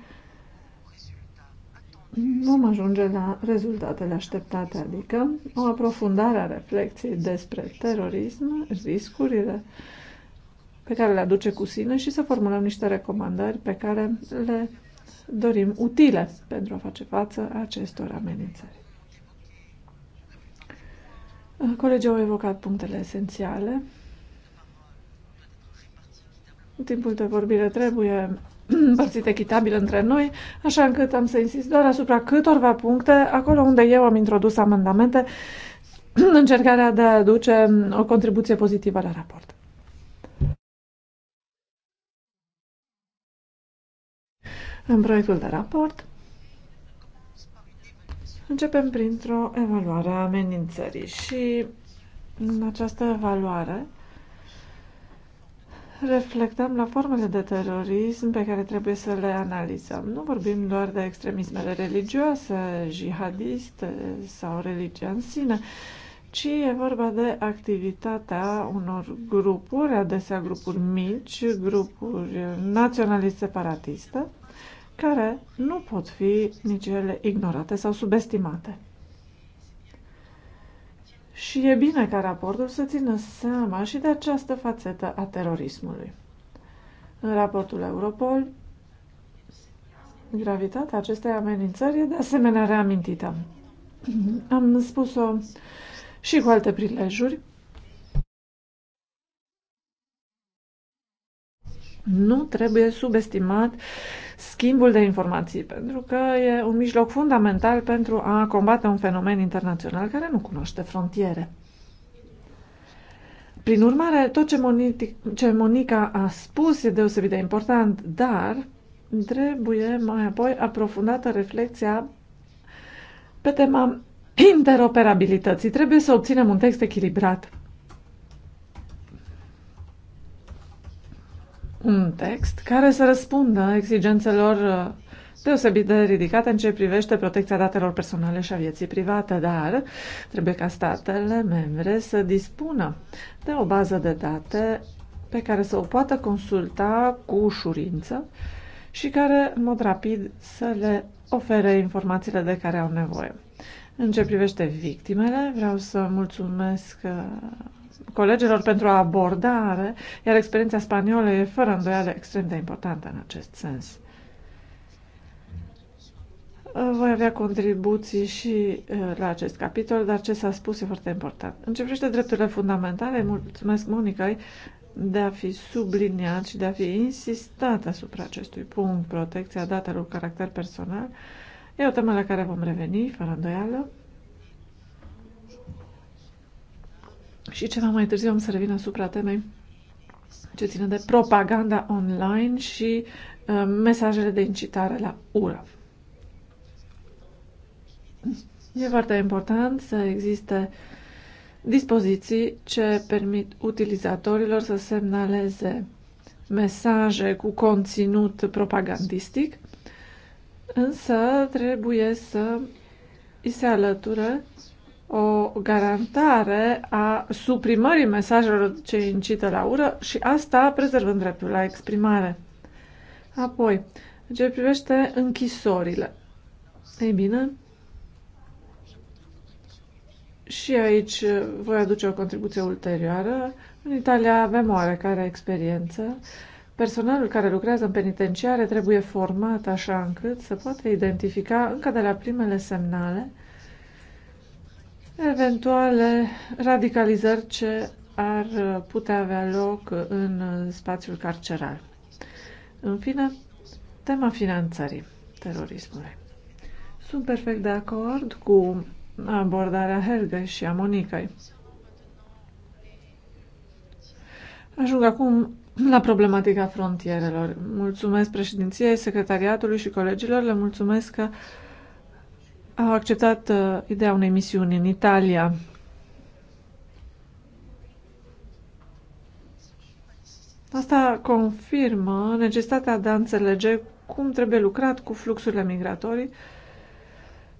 vom ajunge la rezultatele așteptate, adică o aprofundare a reflexiei despre terorism, riscurile pe care le aduce cu sine și să formulăm niște recomandări pe care le dorim utile pentru a face față acestor amenințări. Colegii au evocat punctele esențiale. În Timpul de vorbire trebuie împărțit echitabil între noi, așa încât am să insist doar asupra câtorva puncte, acolo unde eu am introdus amendamente, în încercarea de a aduce o contribuție pozitivă la raport. În proiectul de raport începem printr-o evaluare a amenințării și în această evaluare reflectăm la formele de terorism pe care trebuie să le analizăm. Nu vorbim doar de extremismele religioase, jihadiste sau religia în sine, ci e vorba de activitatea unor grupuri, adesea grupuri mici, grupuri naționalist separatiste, care nu pot fi nici ele ignorate sau subestimate. Și e bine ca raportul să țină seama și de această fațetă a terorismului. În raportul Europol, gravitatea acestei amenințări e de asemenea reamintită. Am spus-o și cu alte prilejuri. Nu trebuie subestimat schimbul de informații, pentru că e un mijloc fundamental pentru a combate un fenomen internațional care nu cunoaște frontiere. Prin urmare, tot ce, Moni- ce Monica a spus e deosebit de important, dar trebuie mai apoi aprofundată reflexia pe tema interoperabilității. Trebuie să obținem un text echilibrat un text care să răspundă exigențelor uh, deosebit de ridicate în ce privește protecția datelor personale și a vieții private, dar trebuie ca statele membre să dispună de o bază de date pe care să o poată consulta cu ușurință și care, în mod rapid, să le ofere informațiile de care au nevoie. În ce privește victimele, vreau să mulțumesc uh, colegilor pentru abordare, iar experiența spaniolă e fără îndoială extrem de importantă în acest sens. Voi avea contribuții și la acest capitol, dar ce s-a spus e foarte important. În ce privește drepturile fundamentale, mulțumesc Monica de a fi subliniat și de a fi insistat asupra acestui punct, protecția datelor cu caracter personal. E o temă la care vom reveni, fără îndoială. Și ceva mai târziu am să revin asupra temei ce ține de propaganda online și uh, mesajele de incitare la ură. E foarte important să existe dispoziții ce permit utilizatorilor să semnaleze mesaje cu conținut propagandistic, însă trebuie să îi se alăture o garantare a suprimării mesajelor ce incită la ură și asta prezervând dreptul la exprimare. Apoi, ce privește închisorile. Ei bine, și aici voi aduce o contribuție ulterioară. În Italia avem oarecare experiență. Personalul care lucrează în penitenciare trebuie format așa încât să poată identifica încă de la primele semnale eventuale radicalizări ce ar putea avea loc în spațiul carceral. În fine, tema finanțării terorismului. Sunt perfect de acord cu abordarea Helgei și a Monicai. Ajung acum la problematica frontierelor. Mulțumesc președinției, secretariatului și colegilor, le mulțumesc că au acceptat uh, ideea unei misiuni în Italia. Asta confirmă necesitatea de a înțelege cum trebuie lucrat cu fluxurile migratorii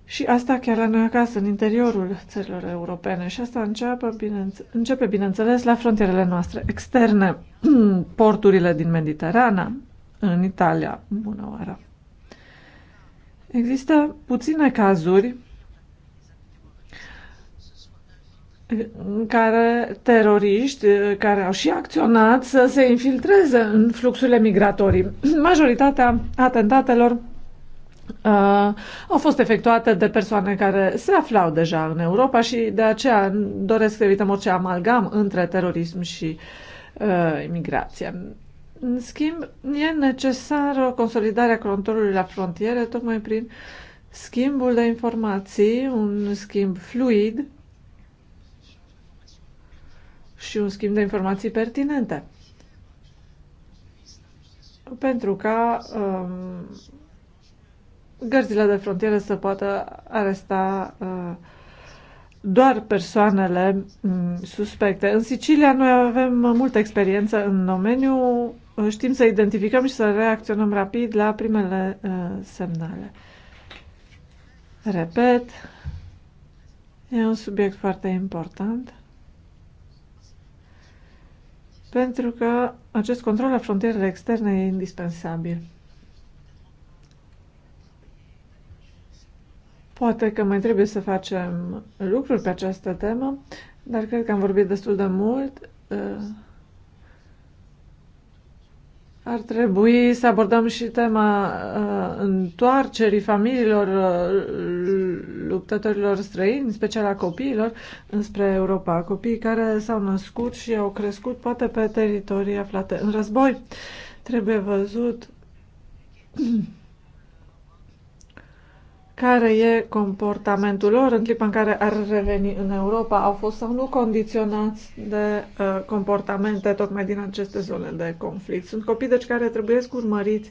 și asta chiar la noi acasă, în interiorul țărilor europene. Și asta începe, bineînțe începe, bineînțeles, la frontierele noastre externe, porturile din Mediterana, în Italia. Bună oară! Există puține cazuri în care teroriști eh, care au și acționat să se infiltreze în fluxurile migratorii. Majoritatea atentatelor uh, au fost efectuate de persoane care se aflau deja în Europa și de aceea doresc să evităm orice amalgam între terorism și uh, imigrație. În schimb, e necesară consolidarea controlului la frontiere tocmai prin schimbul de informații, un schimb fluid și un schimb de informații pertinente. Pentru ca um, gărzile de frontieră să poată aresta uh, doar persoanele mm, suspecte. În Sicilia noi avem multă experiență în domeniu, Uh, știm să identificăm și să reacționăm rapid la primele uh, semnale. Repet, e un subiect foarte important pentru că acest control la frontierele externe e indispensabil. Poate că mai trebuie să facem lucruri pe această temă, dar cred că am vorbit destul de mult. Uh, ar trebui să abordăm și tema uh, întoarcerii familiilor uh, luptătorilor străini, în special a copiilor, înspre Europa. Copiii care s-au născut și au crescut poate pe teritorii aflate în război. Trebuie văzut care e comportamentul lor în clipa în care ar reveni în Europa? Au fost sau nu condiționați de uh, comportamente tocmai din aceste zone de conflict? Sunt copii, deci, care trebuie urmăriți,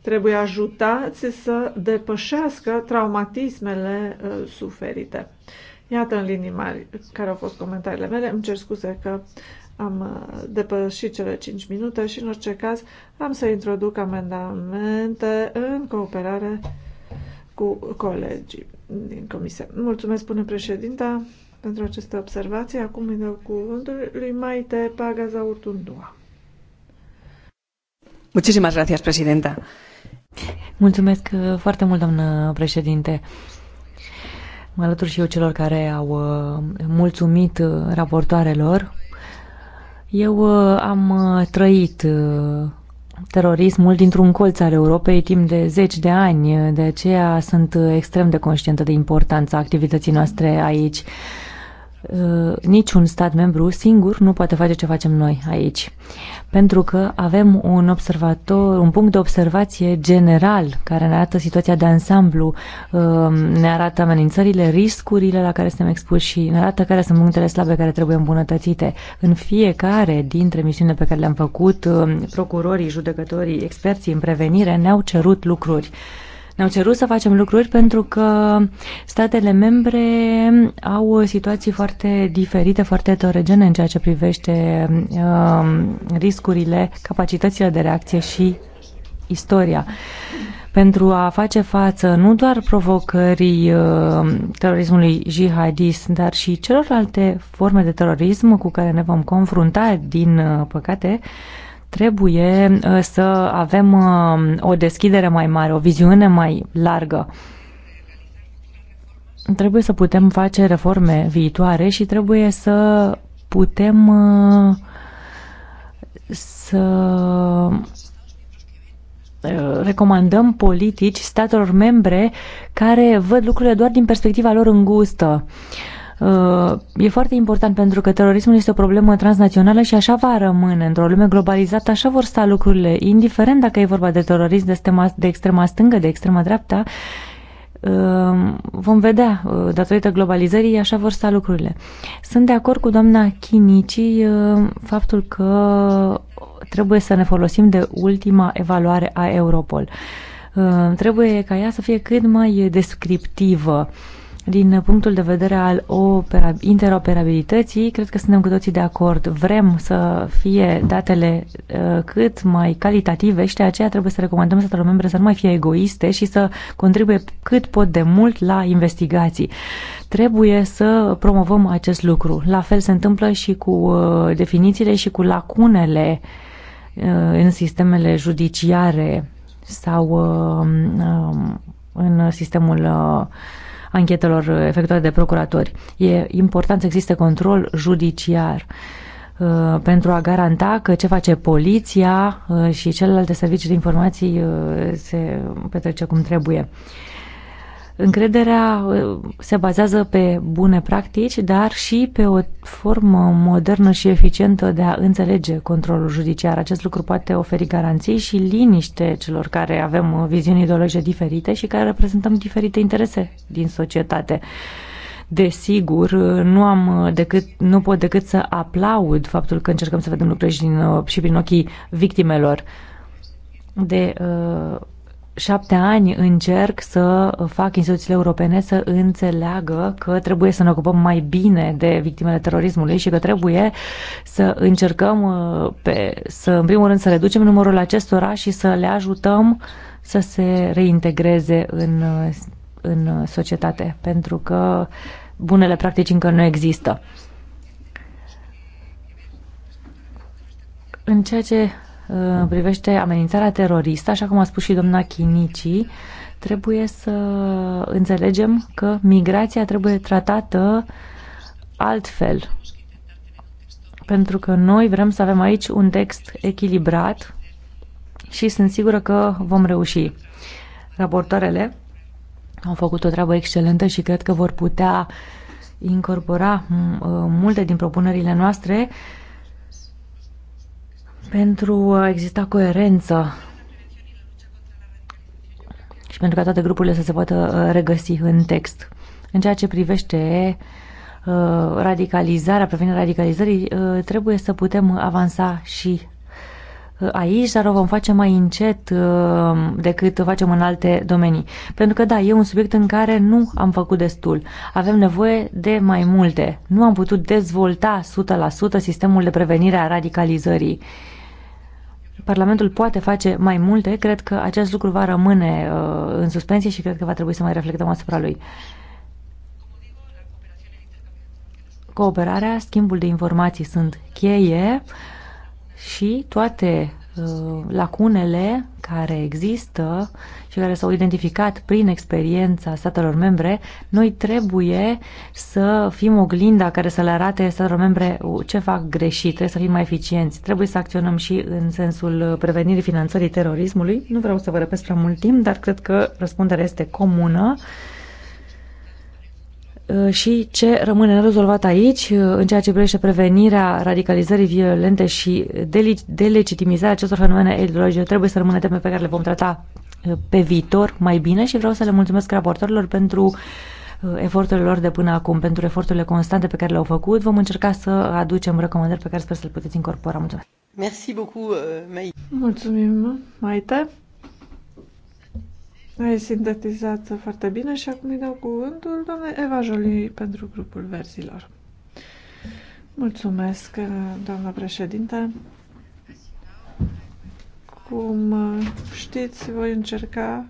trebuie ajutați să depășească traumatismele uh, suferite. Iată în linii mari care au fost comentariile mele. Îmi cer scuze că am uh, depășit cele 5 minute și, în orice caz, am să introduc amendamente în cooperare cu colegii din comisie. Mulțumesc, spune președinta, pentru aceste observații. Acum îi dau cuvântul lui Maite Pagaza Urtundua. Muchísimas gracias, presidenta. Mulțumesc uh, foarte mult, doamnă președinte. Mă alătur și eu celor care au uh, mulțumit uh, raportoarelor. Eu am trăit terorismul dintr-un colț al Europei timp de zeci de ani. De aceea sunt extrem de conștientă de importanța activității noastre aici. Uh, niciun stat membru singur nu poate face ce facem noi aici. Pentru că avem un observator, un punct de observație general care ne arată situația de ansamblu, uh, ne arată amenințările, riscurile la care suntem expuși și ne arată care sunt punctele slabe care trebuie îmbunătățite. În fiecare dintre misiunile pe care le-am făcut, uh, procurorii, judecătorii, experții în prevenire ne-au cerut lucruri ne-au cerut să facem lucruri pentru că statele membre au situații foarte diferite, foarte heterogene în ceea ce privește uh, riscurile, capacitățile de reacție și istoria pentru a face față nu doar provocării uh, terorismului jihadist, dar și celorlalte forme de terorism cu care ne vom confrunta, din uh, păcate, Trebuie uh, să avem uh, o deschidere mai mare, o viziune mai largă. Trebuie să putem face reforme viitoare și trebuie să putem uh, să recomandăm politici statelor membre care văd lucrurile doar din perspectiva lor îngustă. Uh, Uh, e foarte important pentru că terorismul este o problemă transnațională și așa va rămâne. Într-o lume globalizată așa vor sta lucrurile, indiferent dacă e vorba de terorism, de, stema, de extrema stângă, de extrema dreapta, uh, vom vedea, uh, datorită globalizării, așa vor sta lucrurile. Sunt de acord cu doamna Chinici faptul că trebuie să ne folosim de ultima evaluare a Europol. Trebuie ca ea să fie cât mai descriptivă din punctul de vedere al interoperabilității, cred că suntem cu toții de acord. Vrem să fie datele uh, cât mai calitative și de aceea trebuie să recomandăm statelor membre să nu mai fie egoiste și să contribuie cât pot de mult la investigații. Trebuie să promovăm acest lucru. La fel se întâmplă și cu uh, definițiile și cu lacunele uh, în sistemele judiciare sau um, în sistemul uh, anchetelor efectuate de procuratori. E important să existe control judiciar uh, pentru a garanta că ce face poliția uh, și celelalte servicii de informații uh, se petrece cum trebuie. Încrederea uh, se bazează pe bune practici, dar și pe o formă modernă și eficientă de a înțelege controlul judiciar. Acest lucru poate oferi garanții și liniște celor care avem uh, viziuni ideologice diferite și care reprezentăm diferite interese din societate. Desigur, uh, nu, am decât, nu pot decât să aplaud faptul că încercăm să vedem lucrurile și, din, și prin ochii victimelor de uh, șapte ani încerc să fac instituțiile europene să înțeleagă că trebuie să ne ocupăm mai bine de victimele terorismului și că trebuie să încercăm uh, pe, să, în primul rând să reducem numărul acestora și să le ajutăm să se reintegreze în, uh, în societate, pentru că bunele practici încă nu există. În ceea ce privește amenințarea teroristă, așa cum a spus și doamna Chinici, trebuie să înțelegem că migrația trebuie tratată altfel. Pentru că noi vrem să avem aici un text echilibrat și sunt sigură că vom reuși. Raportoarele au făcut o treabă excelentă și cred că vor putea incorpora uh, multe din propunerile noastre pentru a exista coerență și pentru ca toate grupurile să se poată uh, regăsi în text. În ceea ce privește uh, radicalizarea, prevenirea radicalizării, uh, trebuie să putem avansa și aici, dar o vom face mai încet decât facem în alte domenii. Pentru că, da, e un subiect în care nu am făcut destul. Avem nevoie de mai multe. Nu am putut dezvolta 100% sistemul de prevenire a radicalizării. Parlamentul poate face mai multe, cred că acest lucru va rămâne uh, în suspensie și cred că va trebui să mai reflectăm asupra lui. Cooperarea, schimbul de informații sunt cheie și toate uh, lacunele care există și care s-au identificat prin experiența statelor membre, noi trebuie să fim oglinda care să le arate statelor membre ce fac greșit, trebuie să fim mai eficienți, trebuie să acționăm și în sensul prevenirii finanțării terorismului. Nu vreau să vă repet prea mult timp, dar cred că răspunderea este comună și ce rămâne nerezolvat aici în ceea ce privește prevenirea radicalizării violente și delegitimizarea acestor fenomene ideologice trebuie să rămână teme pe care le vom trata pe viitor mai bine și vreau să le mulțumesc raportorilor pentru uh, eforturile lor de până acum, pentru eforturile constante pe care le-au făcut. Vom încerca să aducem recomandări pe care sper să le puteți incorpora. Mulțumesc! Merci beaucoup, uh, Mai. Mulțumim, Maite! Ai sintetizat foarte bine și acum îi dau cuvântul doamne Eva Jolie pentru grupul verzilor. Mulțumesc, uh, doamna președinte cum uh, știți, voi încerca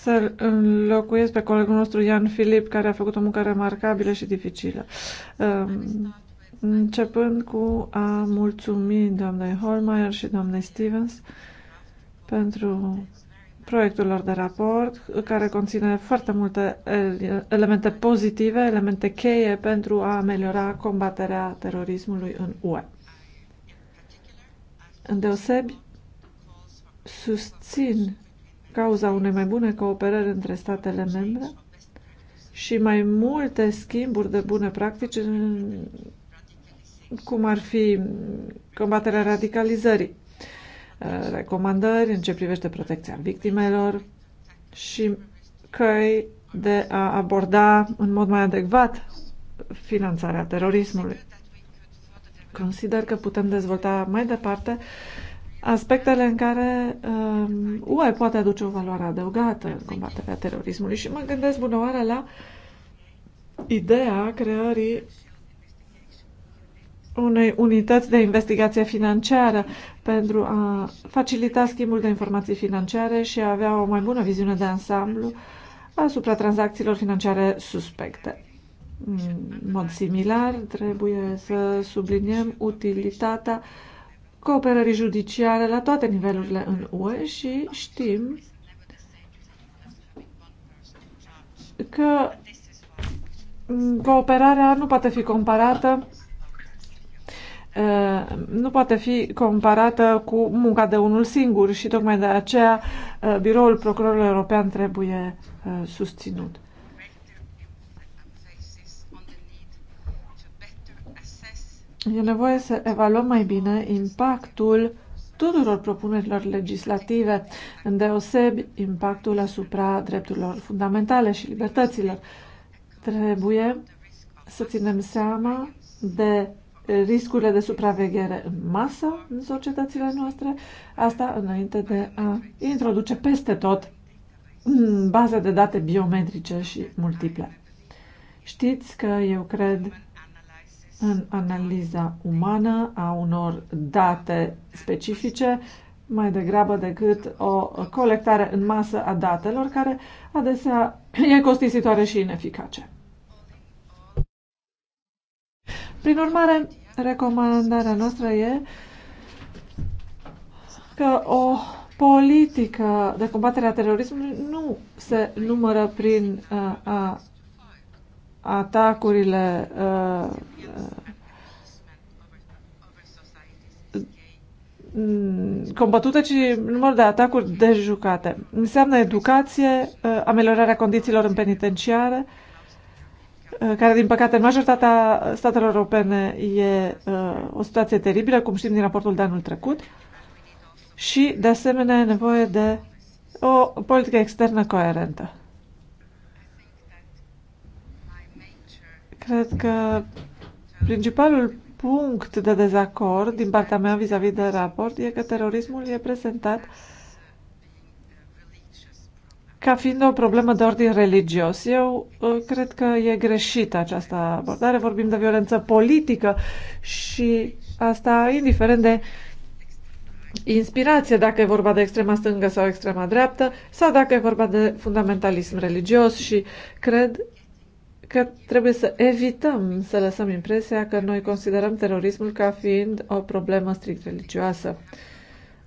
să înlocuiesc pe colegul nostru Ian Filip, care a făcut o muncă remarcabilă și dificilă. Um, începând cu a mulțumi doamnei Holmeier și doamnei Stevens pentru proiectelor de raport, care conține foarte multe elemente pozitive, elemente cheie pentru a ameliora combaterea terorismului în UE. Îndeosebi, susțin cauza unei mai bune cooperări între statele membre și mai multe schimburi de bune practici, cum ar fi combaterea radicalizării. Uh, recomandări în ce privește protecția victimelor și căi de a aborda în mod mai adecvat finanțarea terorismului. Consider că putem dezvolta mai departe aspectele în care um, UE poate aduce o valoare adăugată în combaterea terorismului și mă gândesc bună oară la ideea creării unei unități de investigație financiară pentru a facilita schimbul de informații financiare și a avea o mai bună viziune de ansamblu asupra tranzacțiilor financiare suspecte. În mod similar, trebuie să subliniem utilitatea cooperării judiciare la toate nivelurile în UE și știm că cooperarea nu poate fi comparată nu poate fi comparată cu munca de unul singur și tocmai de aceea uh, biroul procurorului european trebuie uh, susținut. E nevoie să evaluăm mai bine impactul tuturor propunerilor legislative, îndeosebi impactul asupra drepturilor fundamentale și libertăților. Trebuie să ținem seama de riscurile de supraveghere în masă în societățile noastre, asta înainte de a introduce peste tot baze de date biometrice și multiple. Știți că eu cred în analiza umană a unor date specifice mai degrabă decât o colectare în masă a datelor care adesea e costisitoare și ineficace. Prin urmare, recomandarea noastră e că o politică de combatere a terorismului nu se numără prin uh, a, atacurile uh, uh combătute, ci număr de atacuri dejucate. Înseamnă educație, uh, ameliorarea condițiilor în penitenciare, Uh, care, din păcate, în majoritatea statelor europene e uh, o situație teribilă, cum știm din raportul de anul trecut, și, de asemenea, e nevoie de o politică externă coerentă. Cred că principalul punct de dezacord din partea mea vis-a-vis -vis de raport e că terorismul e prezentat uh, ca fiind o problemă de ordin religios. Eu uh, cred că e greșită această abordare. Vorbim de violență politică și asta indiferent de inspirație, dacă e vorba de extrema stângă sau extrema dreaptă, sau dacă e vorba de fundamentalism religios și cred că trebuie să evităm să lăsăm impresia că noi considerăm terorismul ca fiind o problemă strict religioasă.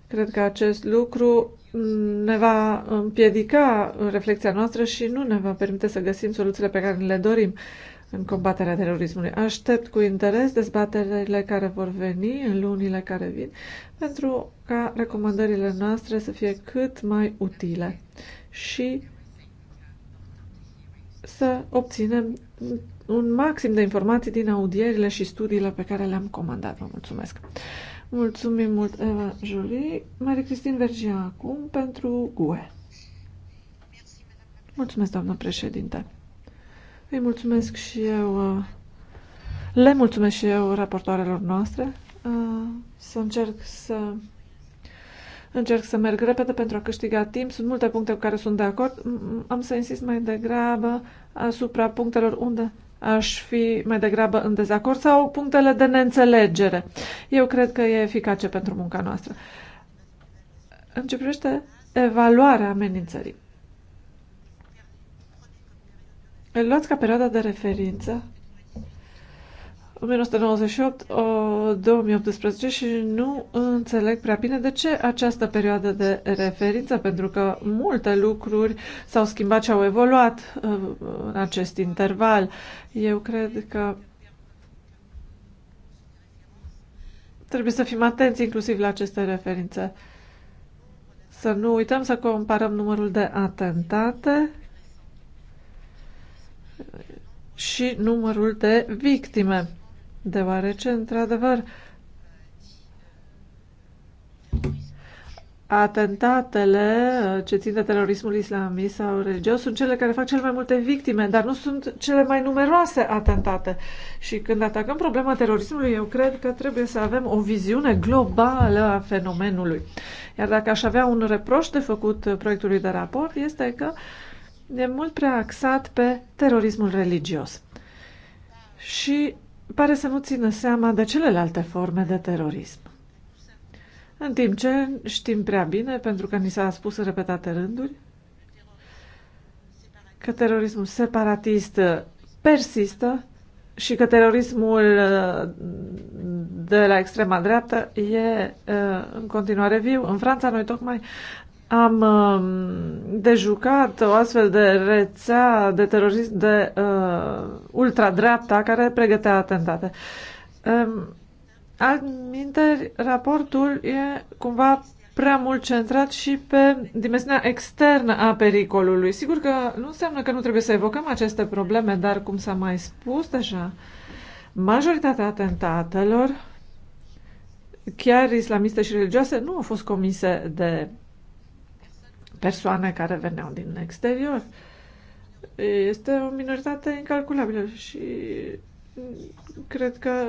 Cred că acest lucru ne va împiedica în reflexia noastră și nu ne va permite să găsim soluțiile pe care le dorim în combaterea terorismului. Aștept cu interes dezbaterile care vor veni în lunile care vin pentru ca recomandările noastre să fie cât mai utile și să obținem un maxim de informații din audierile și studiile pe care le-am comandat. Vă mulțumesc! Mulțumim mult, Eva Jolie. marie Cristin Vergia acum pentru GUE. Mulțumesc, doamnă președinte. Îi mulțumesc și eu, uh, le mulțumesc și eu raportoarelor noastre. Uh, să încerc să încerc să merg repede pentru a câștiga timp. Sunt multe puncte cu care sunt de acord. Am să insist mai degrabă asupra punctelor unde aș fi mai degrabă în dezacord sau punctele de neînțelegere. Eu cred că e eficace pentru munca noastră. În ce privește evaluarea amenințării. Îl luați ca perioada de referință 1998-2018 și nu înțeleg prea bine de ce această perioadă de referință, pentru că multe lucruri s-au schimbat și au evoluat uh, în acest interval. Eu cred că trebuie să fim atenți inclusiv la aceste referințe. Să nu uităm să comparăm numărul de atentate și numărul de victime deoarece, într-adevăr, atentatele ce țin de terorismul islamist sau religios sunt cele care fac cel mai multe victime, dar nu sunt cele mai numeroase atentate. Și când atacăm problema terorismului, eu cred că trebuie să avem o viziune globală a fenomenului. Iar dacă aș avea un reproș de făcut proiectului de raport, este că e mult prea axat pe terorismul religios. Și pare să nu țină seama de celelalte forme de terorism. În timp ce știm prea bine, pentru că ni s-a spus în repetate rânduri, că terorismul separatist persistă și că terorismul uh, de la extrema dreaptă e uh, în continuare viu. În Franța noi tocmai am um, de jucat o astfel de rețea de terorism de uh, ultradreapta care pregătea atentate. Um, Altminteri, raportul e cumva prea mult centrat și pe dimensiunea externă a pericolului. Sigur că nu înseamnă că nu trebuie să evocăm aceste probleme, dar cum s-a mai spus deja, majoritatea atentatelor, chiar islamiste și religioase, nu au fost comise de persoane care veneau din exterior. Este o minoritate incalculabilă și cred că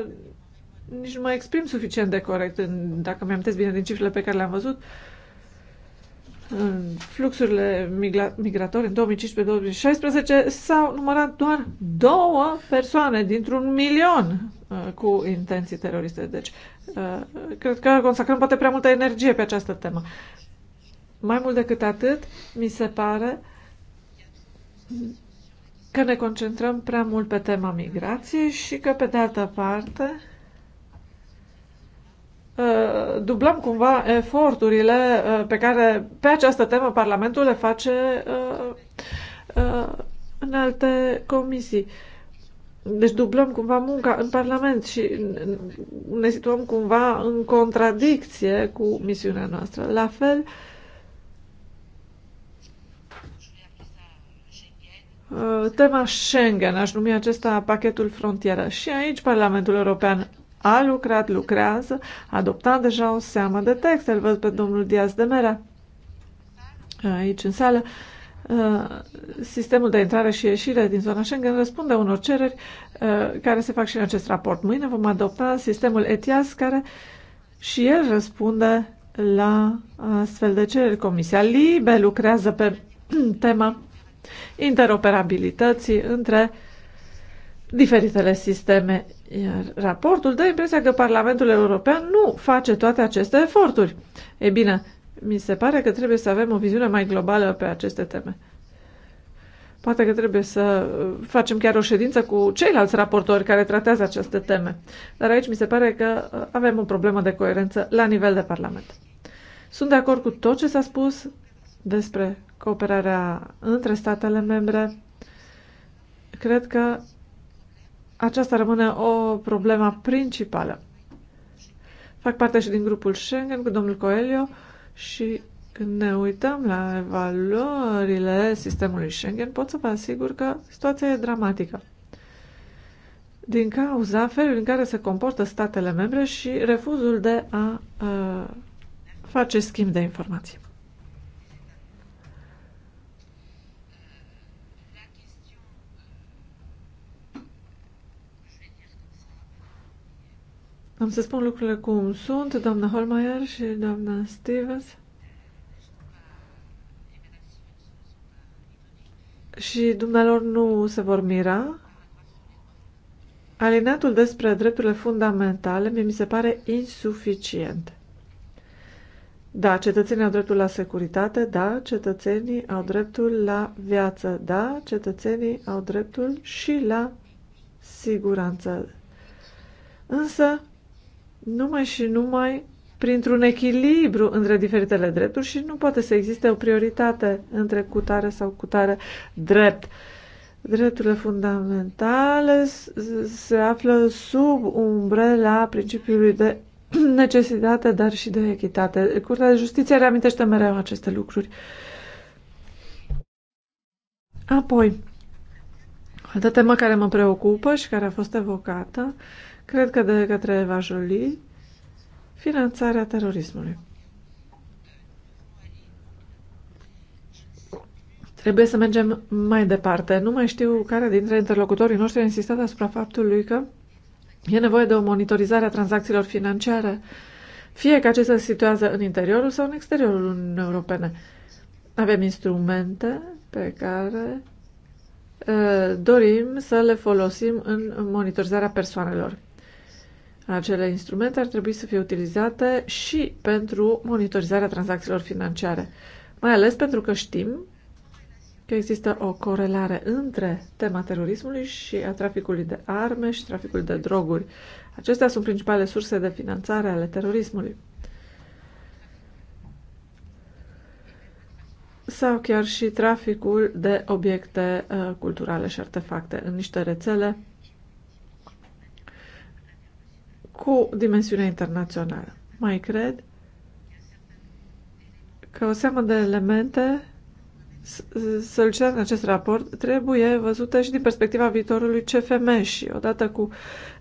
nici nu mă exprim suficient de corect în, dacă mi-am bine din cifrele pe care le-am văzut. În fluxurile migratorii în 2015-2016 s-au numărat doar două persoane dintr-un milion uh, cu intenții teroriste. Deci, uh, cred că consacrăm poate prea multă energie pe această temă. Mai mult decât atât, mi se pare că ne concentrăm prea mult pe tema migrației și că, pe de altă parte, ă, dublăm cumva eforturile ă, pe care pe această temă Parlamentul le face ă, în alte comisii. Deci dublăm cumva munca în Parlament și ne situăm cumva în contradicție cu misiunea noastră. La fel, uh, Uh, tema Schengen, aș numi acesta pachetul frontieră. Și aici Parlamentul European a lucrat, lucrează, adoptând deja o seamă de text. Îl văd pe domnul Diaz de Mera aici în sală. Uh, sistemul de intrare și ieșire din zona Schengen răspunde unor cereri uh, care se fac și în acest raport. Mâine vom adopta sistemul ETIAS care și el răspunde la astfel de cereri. Comisia Libe lucrează pe tema interoperabilității între diferitele sisteme. Iar raportul dă impresia că Parlamentul European nu face toate aceste eforturi. E bine, mi se pare că trebuie să avem o viziune mai globală pe aceste teme. Poate că trebuie să facem chiar o ședință cu ceilalți raportori care tratează aceste teme. Dar aici mi se pare că uh, avem o problemă de coerență la nivel de Parlament. Sunt de acord cu tot ce s-a spus despre cooperarea între statele membre. Cred că aceasta rămâne o problemă principală. Fac parte și din grupul Schengen cu domnul Coelho și când ne uităm la evaluările sistemului Schengen, pot să vă asigur că situația e dramatică. Din cauza felului în care se comportă statele membre și refuzul de a, a uh, face schimb de informații. Am să spun lucrurile cum sunt, doamna Holmeier și doamna Stevens. Și dumnealor nu se vor mira. Alineatul despre drepturile fundamentale mi se pare insuficient. Da, cetățenii au dreptul la securitate, da, cetățenii au dreptul la viață, da, cetățenii au dreptul și la siguranță. Însă, numai și numai printr-un echilibru între diferitele drepturi și nu poate să existe o prioritate între cutare sau cutare drept. Drepturile fundamentale se află sub umbrela principiului de necesitate, dar și de echitate. Curtea de Justiție reamintește mereu aceste lucruri. Apoi, altă temă care mă preocupă și care a fost evocată cred că de către Eva Jolie, finanțarea terorismului. Trebuie să mergem mai departe. Nu mai știu care dintre interlocutorii noștri a insistat asupra faptului că e nevoie de o monitorizare a tranzacțiilor financiare, fie că acestea se situează în interiorul sau în exteriorul Uniunii Europene. Avem instrumente pe care eh, dorim să le folosim în monitorizarea persoanelor. Acele instrumente ar trebui să fie utilizate și pentru monitorizarea tranzacțiilor financiare, mai ales pentru că știm că există o corelare între tema terorismului și a traficului de arme și traficul de droguri. Acestea sunt principale surse de finanțare ale terorismului. sau chiar și traficul de obiecte uh, culturale și artefacte în niște rețele cu dimensiunea internațională. Mai cred că o seamă de elemente solicitate în acest raport trebuie văzută și din perspectiva viitorului CFM și odată cu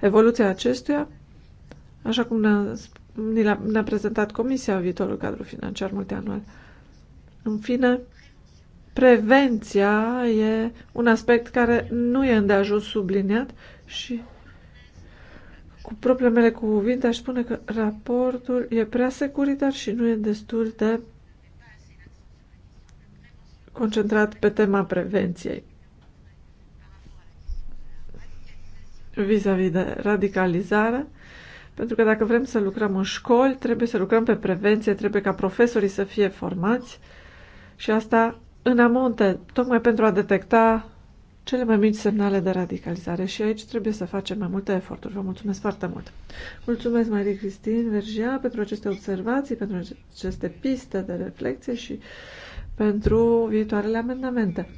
evoluția acestuia, așa cum ne-a, ne ne prezentat Comisia viitorul cadru financiar multianual. În fine, prevenția e un aspect care nu e îndeajuns subliniat și cu propriile mele cuvinte, aș spune că raportul e prea securitar și nu e destul de concentrat pe tema prevenției. vis-a-vis -vis de radicalizare, pentru că dacă vrem să lucrăm în școli, trebuie să lucrăm pe prevenție, trebuie ca profesorii să fie formați și asta în amonte, tocmai pentru a detecta cele mai mici semnale de radicalizare și aici trebuie să facem mai multe eforturi. Vă mulțumesc foarte mult! Mulțumesc, Marie Cristin Vergea, pentru aceste observații, pentru aceste piste de reflexie și pentru viitoarele amendamente.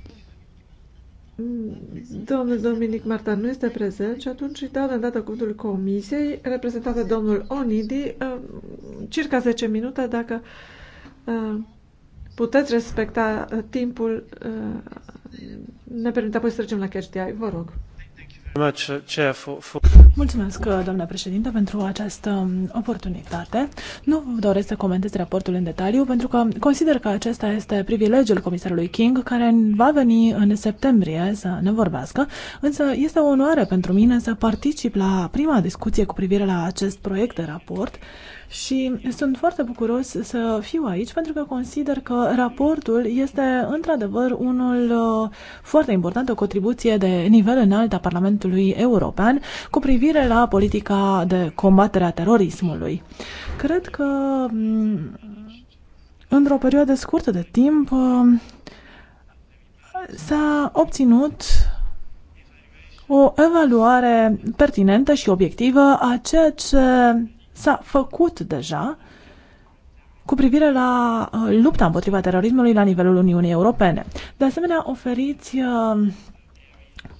Domnul Dominic Marta nu este prezent și atunci îi dau de dată cuvântul comisiei, reprezentată domnul Onidi, uh, circa 10 minute, dacă uh, puteți respecta uh, timpul. Uh, ne permite apoi să trecem la DI. Vă rog. Mulțumesc, uh, doamna președintă, pentru această um, oportunitate. Nu doresc să comentez raportul în detaliu, pentru că consider că acesta este privilegiul comisarului King, care va veni în septembrie să ne vorbească, însă este o onoare pentru mine să particip la prima discuție cu privire la acest proiect de raport și sunt foarte bucuros să fiu aici pentru că consider că raportul este într-adevăr unul uh, foarte important, o contribuție de nivel înalt a Parlamentului European cu privire la politica de combatere a terorismului. Cred că mm, într-o perioadă scurtă de timp uh, s-a obținut o evaluare pertinentă și obiectivă a ceea ce s-a făcut deja cu privire la uh, lupta împotriva terorismului la nivelul Uniunii Europene. De asemenea, oferiți uh,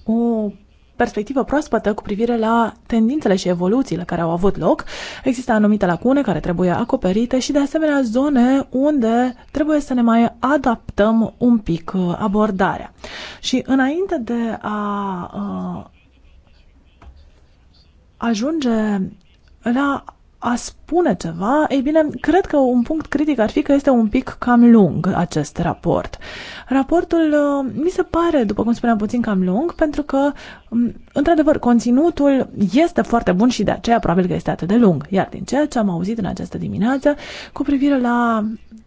o perspectivă proaspătă cu privire la tendințele și evoluțiile care au avut loc. Există anumite lacune care trebuie acoperite și, de asemenea, zone unde trebuie să ne mai adaptăm un pic uh, abordarea. Și înainte de a, a ajunge la a spune ceva, ei bine, cred că un punct critic ar fi că este un pic cam lung acest raport. Raportul uh, mi se pare, după cum spuneam, puțin cam lung, pentru că, um, într-adevăr, conținutul este foarte bun și de aceea probabil că este atât de lung. Iar din ceea ce am auzit în această dimineață, cu privire la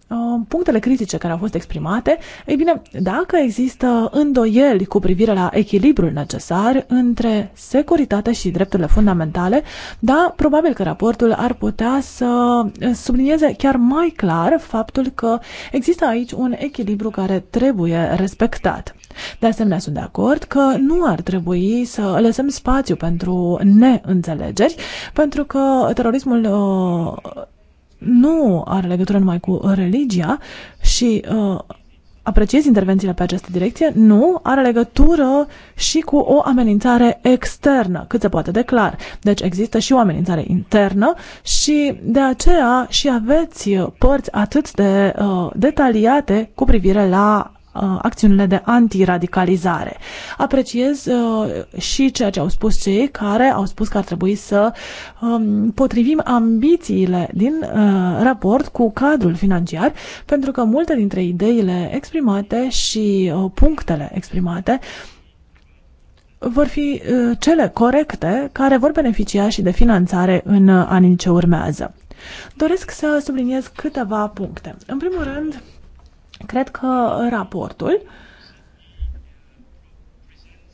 Uh, punctele critice care au fost exprimate, ei bine, dacă există îndoieli cu privire la echilibrul necesar între securitate și drepturile fundamentale, da, probabil că raportul ar putea să uh, sublinieze chiar mai clar faptul că există aici un echilibru care trebuie respectat. De asemenea, sunt de acord că nu ar trebui să lăsăm spațiu pentru neînțelegeri, pentru că terorismul uh, nu are legătură numai cu religia și uh, apreciez intervențiile pe această direcție, nu are legătură și cu o amenințare externă, cât se poate de clar. Deci există și o amenințare internă și de aceea și aveți părți atât de uh, detaliate cu privire la Uh, acțiunile de antiradicalizare. Apreciez uh, și ceea ce au spus cei care au spus că ar trebui să um, potrivim ambițiile din uh, raport cu cadrul financiar, pentru că multe dintre ideile exprimate și punctele exprimate vor fi cele corecte care vor beneficia și de finanțare în anii ce urmează. Doresc să subliniez câteva puncte. În primul rând, Cred că raportul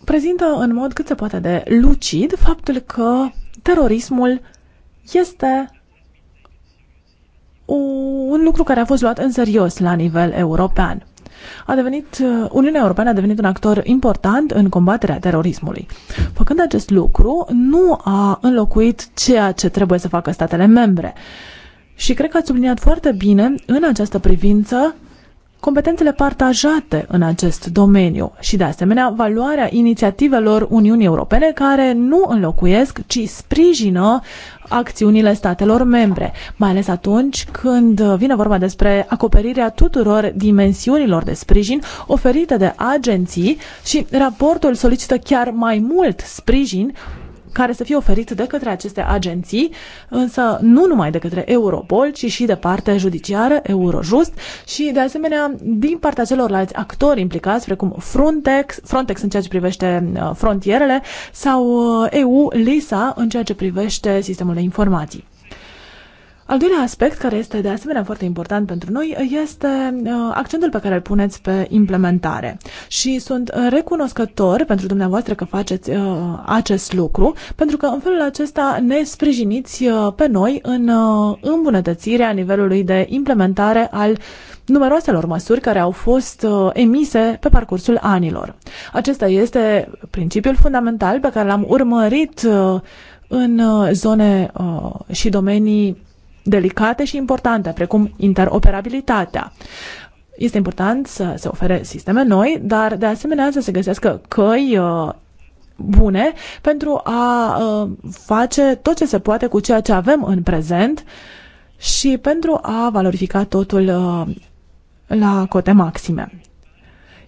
prezintă în mod cât se poate de lucid faptul că terorismul este un lucru care a fost luat în serios la nivel european. A devenit, Uniunea Europeană a devenit un actor important în combaterea terorismului. Făcând acest lucru, nu a înlocuit ceea ce trebuie să facă statele membre. Și cred că ați subliniat foarte bine în această privință competențele partajate în acest domeniu și, de asemenea, valoarea inițiativelor Uniunii Europene care nu înlocuiesc, ci sprijină acțiunile statelor membre, mai ales atunci când vine vorba despre acoperirea tuturor dimensiunilor de sprijin oferite de agenții și raportul solicită chiar mai mult sprijin care să fie oferit de către aceste agenții, însă nu numai de către Europol, ci și de partea judiciară, Eurojust și de asemenea din partea celorlalți actori implicați, precum Frontex, Frontex în ceea ce privește uh, frontierele sau uh, EU, LISA în ceea ce privește sistemul de informații. Al doilea aspect, care este de asemenea foarte important pentru noi, este uh, accentul pe care îl puneți pe implementare. Și sunt uh, recunoscător pentru dumneavoastră că faceți uh, acest lucru, pentru că în felul acesta ne sprijiniți pe noi în îmbunătățirea nivelului de implementare al numeroaselor măsuri care au fost emise pe parcursul anilor. Acesta este principiul fundamental pe care l-am urmărit în zone și domenii delicate și importante, precum interoperabilitatea. Este important să se ofere sisteme noi, dar de asemenea să se găsească căi uh, bune pentru a uh, face tot ce se poate cu ceea ce avem în prezent și pentru a valorifica totul uh, la cote maxime.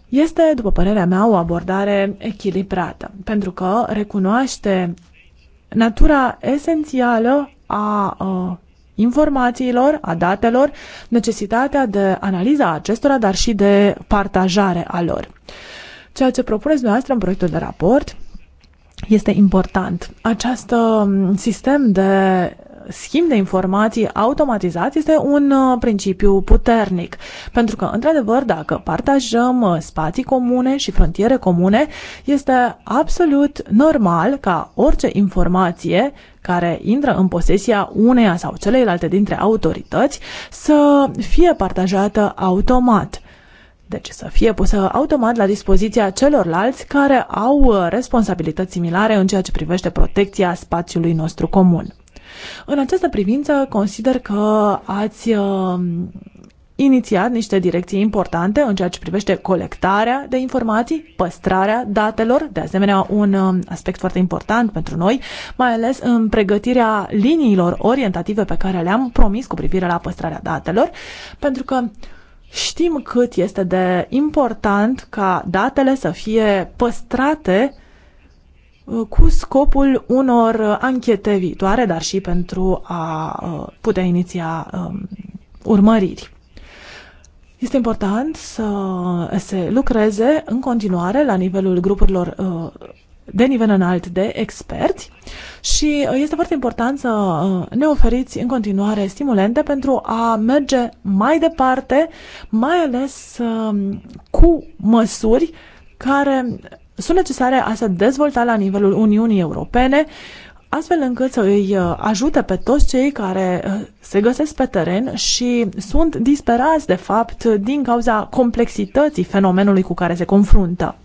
Este, după părerea mea, o abordare echilibrată, pentru că recunoaște natura esențială a informațiilor, a datelor, necesitatea de analiza acestora, dar și de partajare a lor. Ceea ce propuneți dumneavoastră în proiectul de raport este important. Acest mm, sistem de schimb de informații automatizat este un uh, principiu puternic. Pentru că, într-adevăr, dacă partajăm uh, spații comune și frontiere comune, este absolut normal ca orice informație care intră în posesia uneia sau celeilalte dintre autorități să fie partajată automat. Deci să fie pusă automat la dispoziția celorlalți care au uh, responsabilități similare în ceea ce privește protecția spațiului nostru comun. În această privință, consider că ați uh, inițiat niște direcții importante în ceea ce privește colectarea de informații, păstrarea datelor, de asemenea un uh, aspect foarte important pentru noi, mai ales în pregătirea liniilor orientative pe care le-am promis cu privire la păstrarea datelor, pentru că știm cât este de important ca datele să fie păstrate Uh, cu scopul unor uh, anchete viitoare, dar și pentru a uh, putea iniția um, urmăriri. Este important să se lucreze în continuare la nivelul grupurilor de nivel înalt de experți și este foarte important să ne oferiți în continuare stimulente pentru a merge mai departe, mai ales um, cu măsuri care sunt necesare a se dezvolta la nivelul Uniunii Europene, astfel încât să îi uh, ajute pe toți cei care uh, se găsesc pe teren și sunt disperați, de fapt, din cauza complexității fenomenului cu care se confruntă.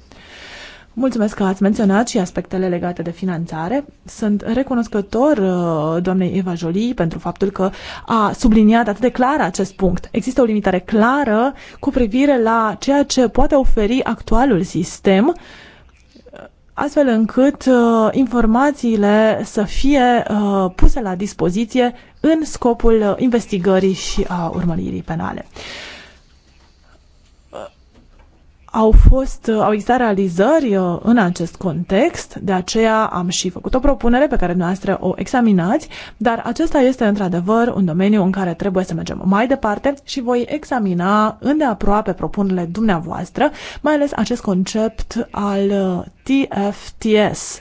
Mulțumesc că ați menționat și aspectele legate de finanțare. Sunt recunoscător uh, doamnei Eva Jolie pentru faptul că a subliniat atât de clar acest punct. Există o limitare clară cu privire la ceea ce poate oferi actualul sistem uh, astfel încât uh, informațiile să fie uh, puse la dispoziție în scopul uh, investigării și a urmăririi penale au fost, uh, au existat realizări uh, în acest context, de aceea am și făcut o propunere pe care dumneavoastră o examinați, dar acesta este într-adevăr un domeniu în care trebuie să mergem mai departe și voi examina îndeaproape propunerile dumneavoastră, mai ales acest concept al uh, TFTS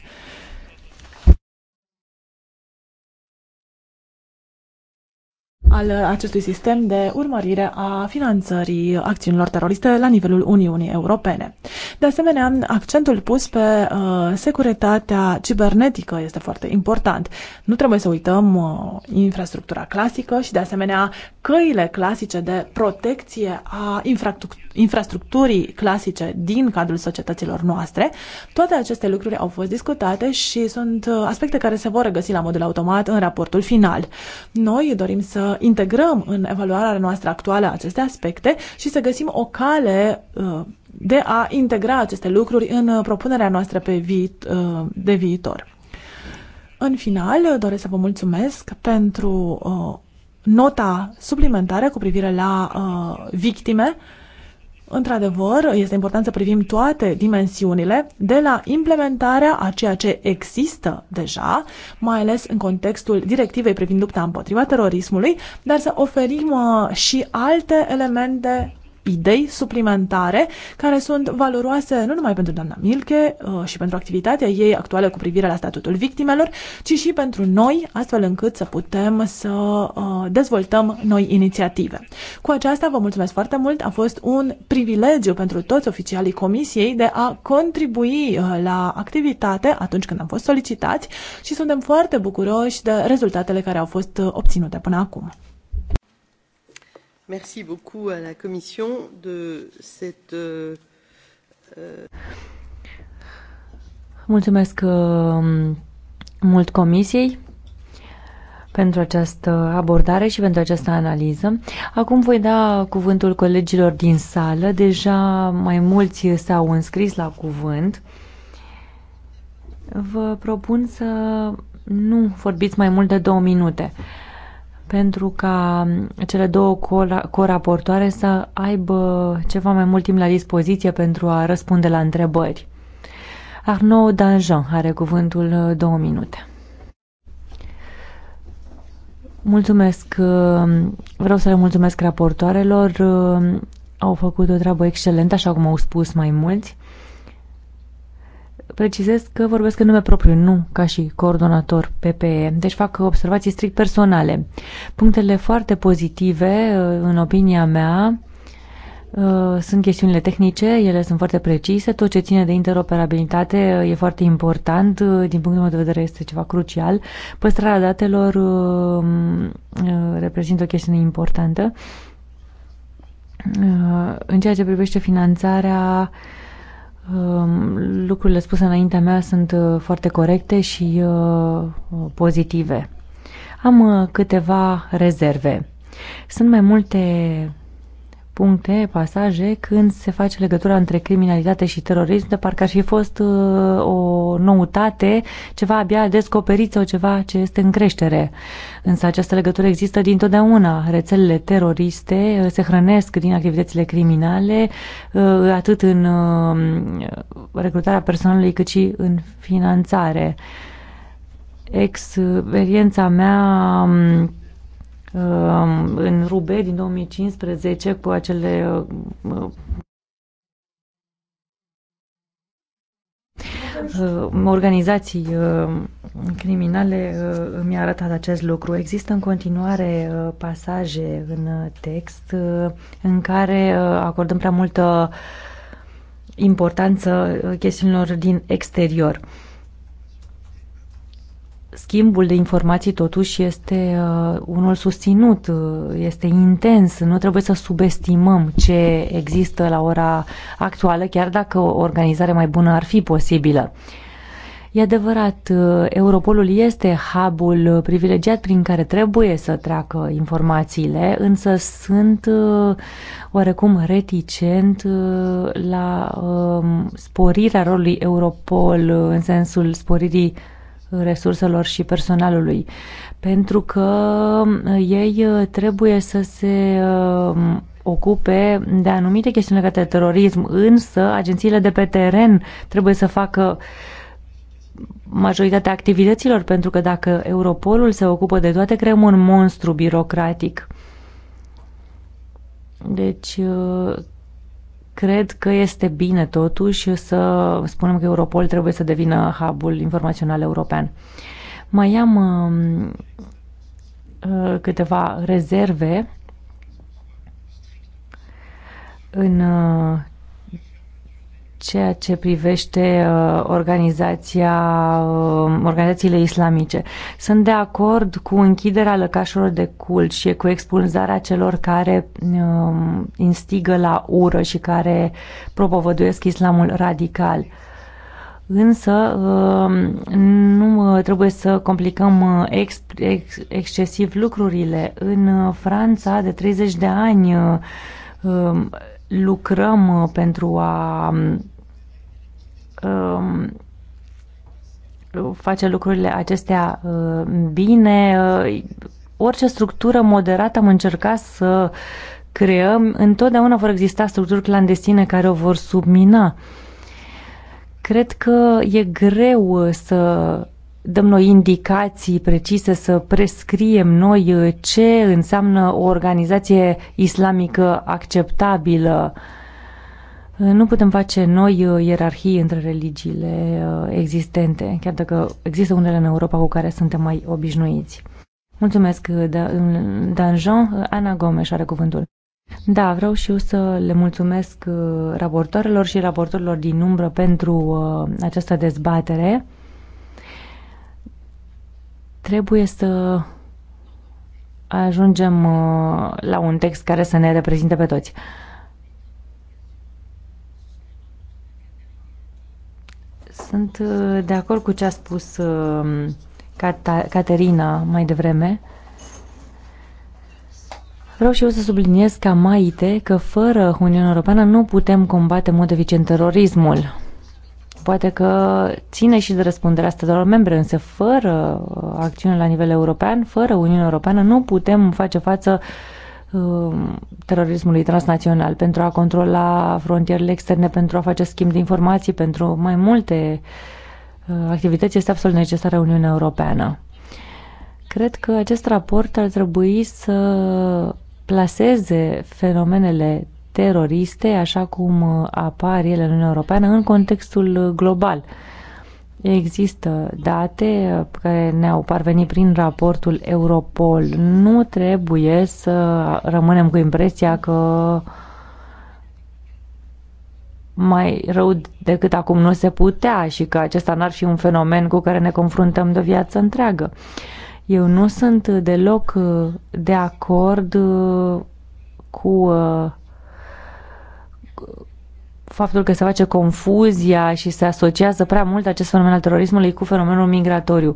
al acestui sistem de urmărire a finanțării acțiunilor teroriste la nivelul Uniunii Europene. De asemenea, accentul pus pe uh, securitatea cibernetică este foarte important. Nu trebuie să uităm uh, infrastructura clasică și, de asemenea, căile clasice de protecție a infrastructurii clasice din cadrul societăților noastre. Toate aceste lucruri au fost discutate și sunt uh, aspecte care se vor regăsi la modul automat în raportul final. Noi dorim să integrăm în evaluarea noastră actuală aceste aspecte și să găsim o cale uh, de a integra aceste lucruri în uh, propunerea noastră pe vi- uh, de viitor. În final, doresc să vă mulțumesc pentru nota suplimentară cu privire la victime Într-adevăr, este important să privim toate dimensiunile, de la implementarea a ceea ce există deja, mai ales în contextul directivei privind lupta împotriva terorismului, dar să oferim uh, și alte elemente idei suplimentare care sunt valoroase nu numai pentru doamna milke uh, și pentru activitatea ei actuală cu privire la statutul victimelor, ci și pentru noi, astfel încât să putem să uh, dezvoltăm noi inițiative. Cu aceasta vă mulțumesc foarte mult, a fost un privilegiu pentru toți oficialii Comisiei de a contribui uh, la activitate atunci când am fost solicitați și suntem foarte bucuroși de rezultatele care au fost uh, obținute până acum. Merci beaucoup à la Commission de cette. Euh, euh, Mulțumesc uh, mult Comisiei pentru această abordare și pentru această analiză. Acum voi da cuvântul colegilor din sală. Deja mai mulți s-au înscris la cuvânt. Vă propun să nu vorbiți mai mult de două minute. Uh, pentru ca cele două coraportoare să aibă ceva mai mult timp la dispoziție pentru a răspunde la întrebări. Arnaud Danjean are cuvântul uh, două minute. Mulțumesc, uh, vreau să le mulțumesc raportoarelor, uh, au făcut o treabă excelentă, așa cum au spus mai mulți. Precizez că vorbesc în nume propriu, nu ca și coordonator PPE, deci fac observații strict personale. Punctele foarte pozitive, uh, în opinia mea, uh, sunt chestiunile tehnice, ele sunt foarte precise, tot ce ține de interoperabilitate uh, e foarte important, din punctul meu de vedere este ceva crucial. Păstrarea datelor reprezintă o chestiune importantă. În ceea ce privește finanțarea, uh, Um, lucrurile spuse înaintea mea sunt uh, foarte corecte și uh, uh, pozitive. Am câteva rezerve. Sunt mai multe puncte, pasaje, când se face legătura între criminalitate și terorism, de parcă ar fi fost uh, o noutate, ceva abia descoperit sau ceva ce este în creștere. Însă această legătură există dintotdeauna. Rețelele teroriste uh, se hrănesc din activitățile criminale, uh, atât în recrutarea personalului, cât și în finanțare experiența mea um, în Rube din 2015 cu acele uh, uh, organizații uh, criminale mi-a arătat acest lucru. Există în continuare pasaje în text în care acordăm prea multă importanță chestiunilor din exterior schimbul de informații totuși este uh, unul susținut, uh, este intens, nu trebuie să subestimăm ce există la ora actuală, chiar dacă o organizare mai bună ar fi posibilă. E adevărat, uh, Europolul este hubul privilegiat prin care trebuie să treacă informațiile, însă sunt oarecum reticent la um, sporirea rolului Europol în sensul sporirii resurselor și personalului, pentru că uh, ei uh, trebuie să se um, ocupe de anumite chestiuni legate de terorism, însă agențiile de pe teren trebuie să facă majoritatea activităților, pentru că dacă Europolul se ocupă de toate, creăm un monstru birocratic. Deci, uh, Cred că este bine totuși să spunem că Europol trebuie să devină hub-ul informațional european. Mai am um, uh, câteva rezerve în uh, ceea ce privește uh, organizația, uh, organizațiile islamice. Sunt de acord cu închiderea lăcașelor de cult și cu expulzarea celor care uh, instigă la ură și care propovăduiesc islamul radical. Însă um, nu uh, trebuie să complicăm uh, ex, ex, excesiv lucrurile. În uh, Franța, de 30 de ani, um, lucrăm uh, pentru a um, face lucrurile acestea uh, bine. Uh, orice structură moderată am încercat să creăm. Întotdeauna vor exista structuri clandestine care o vor submina. Cred că e greu să dăm noi indicații precise, să prescriem noi uh, ce înseamnă o organizație islamică acceptabilă. Uh, nu putem face noi uh, ierarhii între religiile existente, chiar dacă există unele în Europa cu care suntem mai obișnuiți. Mulțumesc, da, Danjean. Ana Gomes are cuvântul. Da, vreau și eu să le mulțumesc raportoarelor și raportorilor din umbră pentru această dezbatere. Trebuie să ajungem uh, la un text care să ne reprezinte pe toți. Sunt uh, de acord cu ce a spus um, Caterina mai devreme. Vreau și eu să subliniez ca maite că fără Uniunea Europeană nu putem combate în mod eficient terorismul poate că ține și de răspunderea statelor membre, însă fără uh, acțiune la nivel european, fără Uniunea Europeană, nu putem face față uh, terorismului transnațional pentru a controla frontierele externe, pentru a face schimb de informații, pentru mai multe uh, activități este absolut necesară Uniunea Europeană. Cred că acest raport ar trebui să plaseze fenomenele teroriste, așa cum uh, apar ele în Uniunea Europeană, în contextul uh, global. Există date uh, care ne-au parvenit prin raportul Europol. Nu trebuie să rămânem cu impresia că mai rău decât acum nu se putea și că acesta n-ar fi un fenomen cu care ne confruntăm de o viață întreagă. Eu nu sunt deloc de acord cu faptul că se face confuzia și se asociază prea mult acest fenomen al terorismului cu fenomenul migratoriu.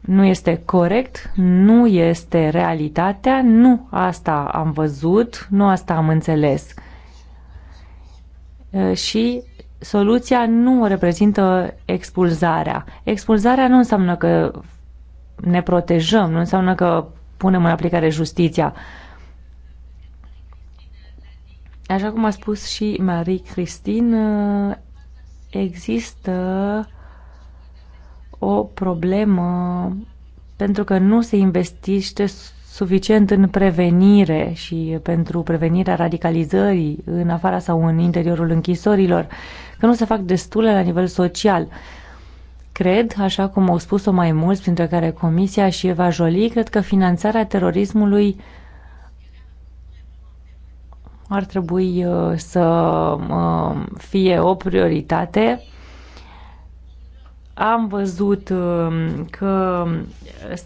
Nu este corect, nu este realitatea, nu asta am văzut, nu asta am înțeles. Și soluția nu reprezintă expulzarea. Expulzarea nu înseamnă că ne protejăm, nu înseamnă că punem în aplicare justiția. Uh, Așa cum a spus și Marie Christine, uh, există o problemă pentru că nu se investește suficient în prevenire și pentru prevenirea radicalizării în afara sau în interiorul închisorilor, că nu se fac destule la nivel social. Cred, așa cum au spus-o mai mulți, printre care Comisia și Eva Jolie, cred că finanțarea terorismului uh, ar trebui uh, să uh, fie o prioritate. Am văzut um, că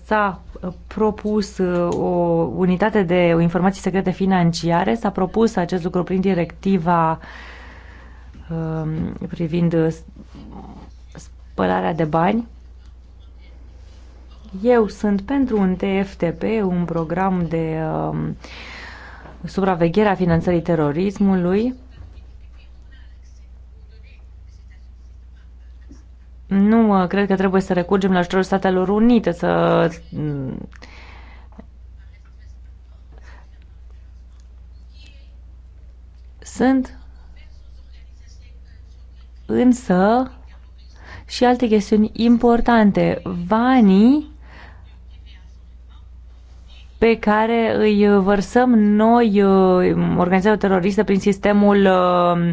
s-a propus uh, o unitate de informații secrete financiare, s-a propus acest lucru prin directiva um, privind spălarea de bani. Eu sunt pentru un TFTP, un program de uh, supravegherea finanțării terorismului nu cred că trebuie să recurgem la ajutorul Statelor Unite să mm, sunt însă și alte chestiuni importante. Vanii pe care îi vărsăm noi, uh, organizația teroristă, prin sistemul uh,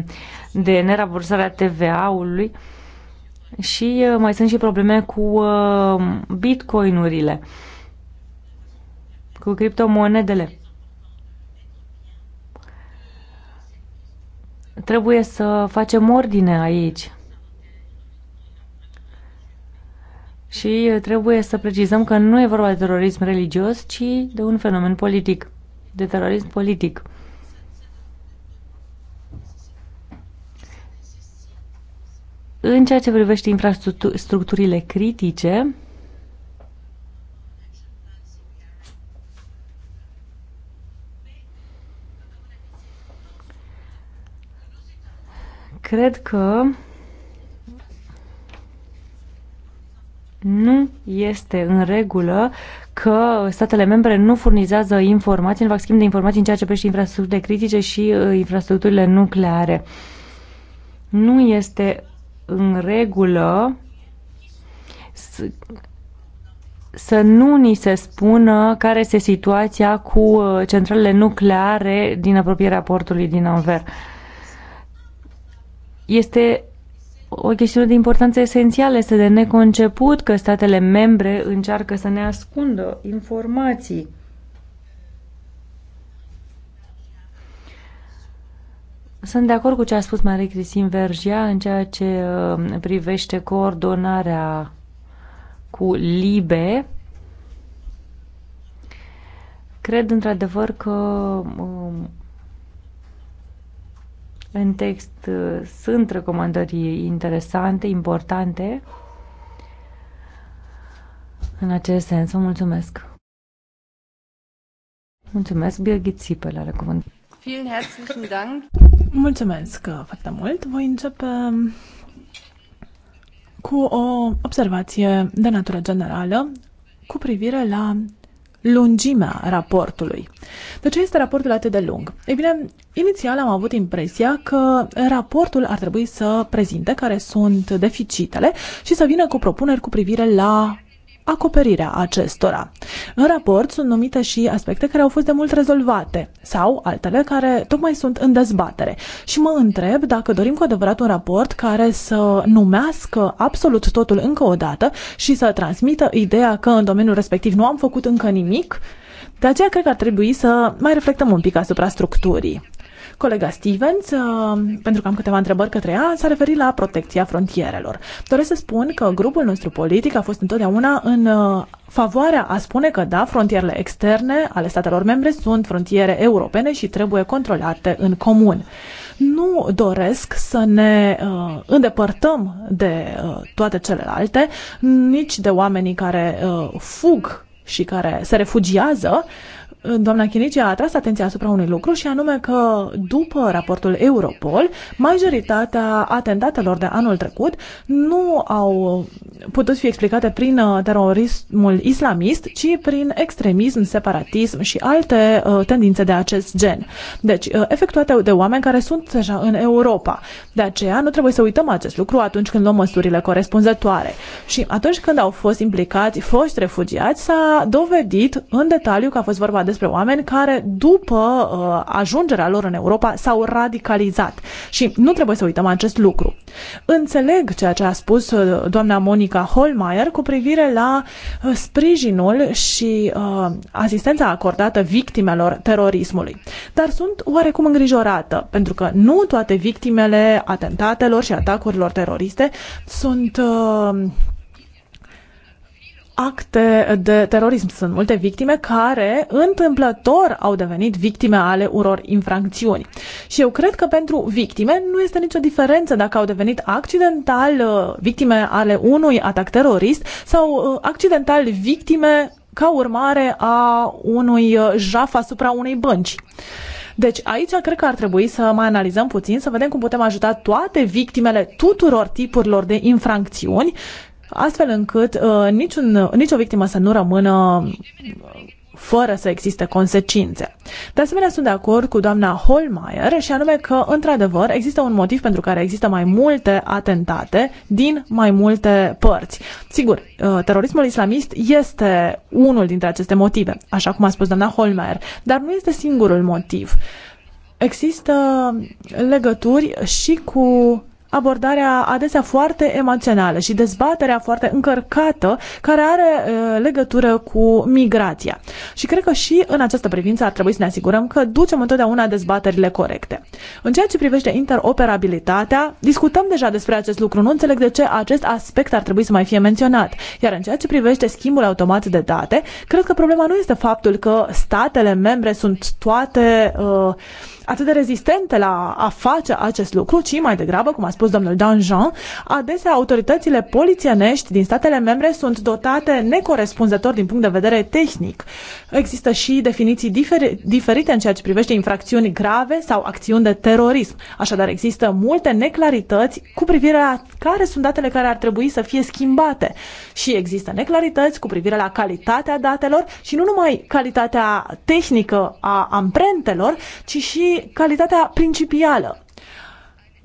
de nerabursare a TVA-ului și uh, mai sunt și probleme cu bitcoinurile, cu criptomonedele. Trebuie să facem ordine aici. și uh, trebuie să precizăm că nu e vorba de terorism religios, ci de un fenomen politic, de terorism politic. În ceea ce privește infrastructurile critice, cred că nu este în regulă că statele membre nu furnizează informații, nu fac schimb de informații în ceea ce privește infrastructurile critice și uh, infrastructurile nucleare. Nu este în regulă să, să nu ni se spună care este situația cu uh, centralele nucleare din apropierea portului din Anver. Este o chestiune de importanță esențială. Este de neconceput că statele membre încearcă să ne ascundă informații. Sunt de acord cu ce a spus Marie Cristin Vergea în ceea ce uh, privește coordonarea cu LIBE. Cred într-adevăr că um, în text uh, sunt recomandări interesante, importante. În acest sens, vă mulțumesc. Mulțumesc, Birgit Sipel, are cuvânt. Mulțumesc uh, foarte mult. Voi începe um, cu o observație de natură generală cu privire la lungimea raportului. De ce este raportul atât de lung? Ei bine, inițial am avut impresia că raportul ar trebui să prezinte care sunt deficitele și să vină cu propuneri cu privire la acoperirea acestora. În raport sunt numite și aspecte care au fost de mult rezolvate sau altele care tocmai sunt în dezbatere. Și mă întreb dacă dorim cu adevărat un raport care să numească absolut totul încă o dată și să transmită ideea că în domeniul respectiv nu am făcut încă nimic, de aceea cred că ar trebui să mai reflectăm un pic asupra structurii. Colega Stevens, uh, pentru că am câteva întrebări către ea, s-a referit la protecția frontierelor. Doresc să spun că grupul nostru politic a fost întotdeauna în uh, favoarea a spune că, da, frontierele externe ale statelor membre sunt frontiere europene și trebuie controlate în comun. Nu doresc să ne uh, îndepărtăm de uh, toate celelalte, nici de oamenii care uh, fug și care se refugiază, uh, doamna Chinici a atras atenția asupra unui lucru și anume că după raportul Europol, majoritatea atentatelor de anul trecut nu au putut fi explicate prin uh, terorismul islamist, ci prin extremism, separatism și alte uh, tendințe de acest gen. Deci, uh, efectuate de oameni care sunt deja în Europa. De aceea, nu trebuie să uităm acest lucru atunci când luăm măsurile corespunzătoare. Și atunci când au fost implicați foști refugiați, s-a dovedit în detaliu că a fost vorba despre oameni care, după uh, ajungerea lor în Europa, s-au radicalizat. Și nu trebuie să uităm acest lucru. Înțeleg ceea ce a spus uh, doamna Monica Holmeier cu privire la uh, sprijinul și uh, asistența acordată victimelor terorismului. Dar sunt oarecum îngrijorată, pentru că nu toate victimele atentatelor și atacurilor teroriste sunt uh, acte de terorism. Sunt multe victime care întâmplător au devenit victime ale uror infracțiuni. Și eu cred că pentru victime nu este nicio diferență dacă au devenit accidental uh, victime ale unui atac terorist sau uh, accidental victime ca urmare a unui uh, jaf asupra unei bănci. Deci aici cred că ar trebui să mai analizăm puțin, să vedem cum putem ajuta toate victimele tuturor tipurilor de infracțiuni astfel încât uh, niciun, nicio victimă să nu rămână uh, fără să existe consecințe. De asemenea, sunt de acord cu doamna Holmeier și anume că, într-adevăr, există un motiv pentru care există mai multe atentate din mai multe părți. Sigur, uh, terorismul islamist este unul dintre aceste motive, așa cum a spus doamna Holmeier, dar nu este singurul motiv. Există legături și cu abordarea adesea foarte emoțională și dezbaterea foarte încărcată care are uh, legătură cu migrația. Și cred că și în această privință ar trebui să ne asigurăm că ducem întotdeauna dezbaterile corecte. În ceea ce privește interoperabilitatea, discutăm deja despre acest lucru. Nu înțeleg de ce acest aspect ar trebui să mai fie menționat. Iar în ceea ce privește schimbul automat de date, cred că problema nu este faptul că statele membre sunt toate uh, atât de rezistente la a face acest lucru, ci mai degrabă, cum a spus spus domnul Danjean, adesea autoritățile polițienești din statele membre sunt dotate necorespunzător din punct de vedere tehnic. Există și definiții diferi- diferite în ceea ce privește infracțiuni grave sau acțiuni de terorism. Așadar, există multe neclarități cu privire la care sunt datele care ar trebui să fie schimbate. Și există neclarități cu privire la calitatea datelor și nu numai calitatea tehnică a amprentelor, ci și calitatea principială.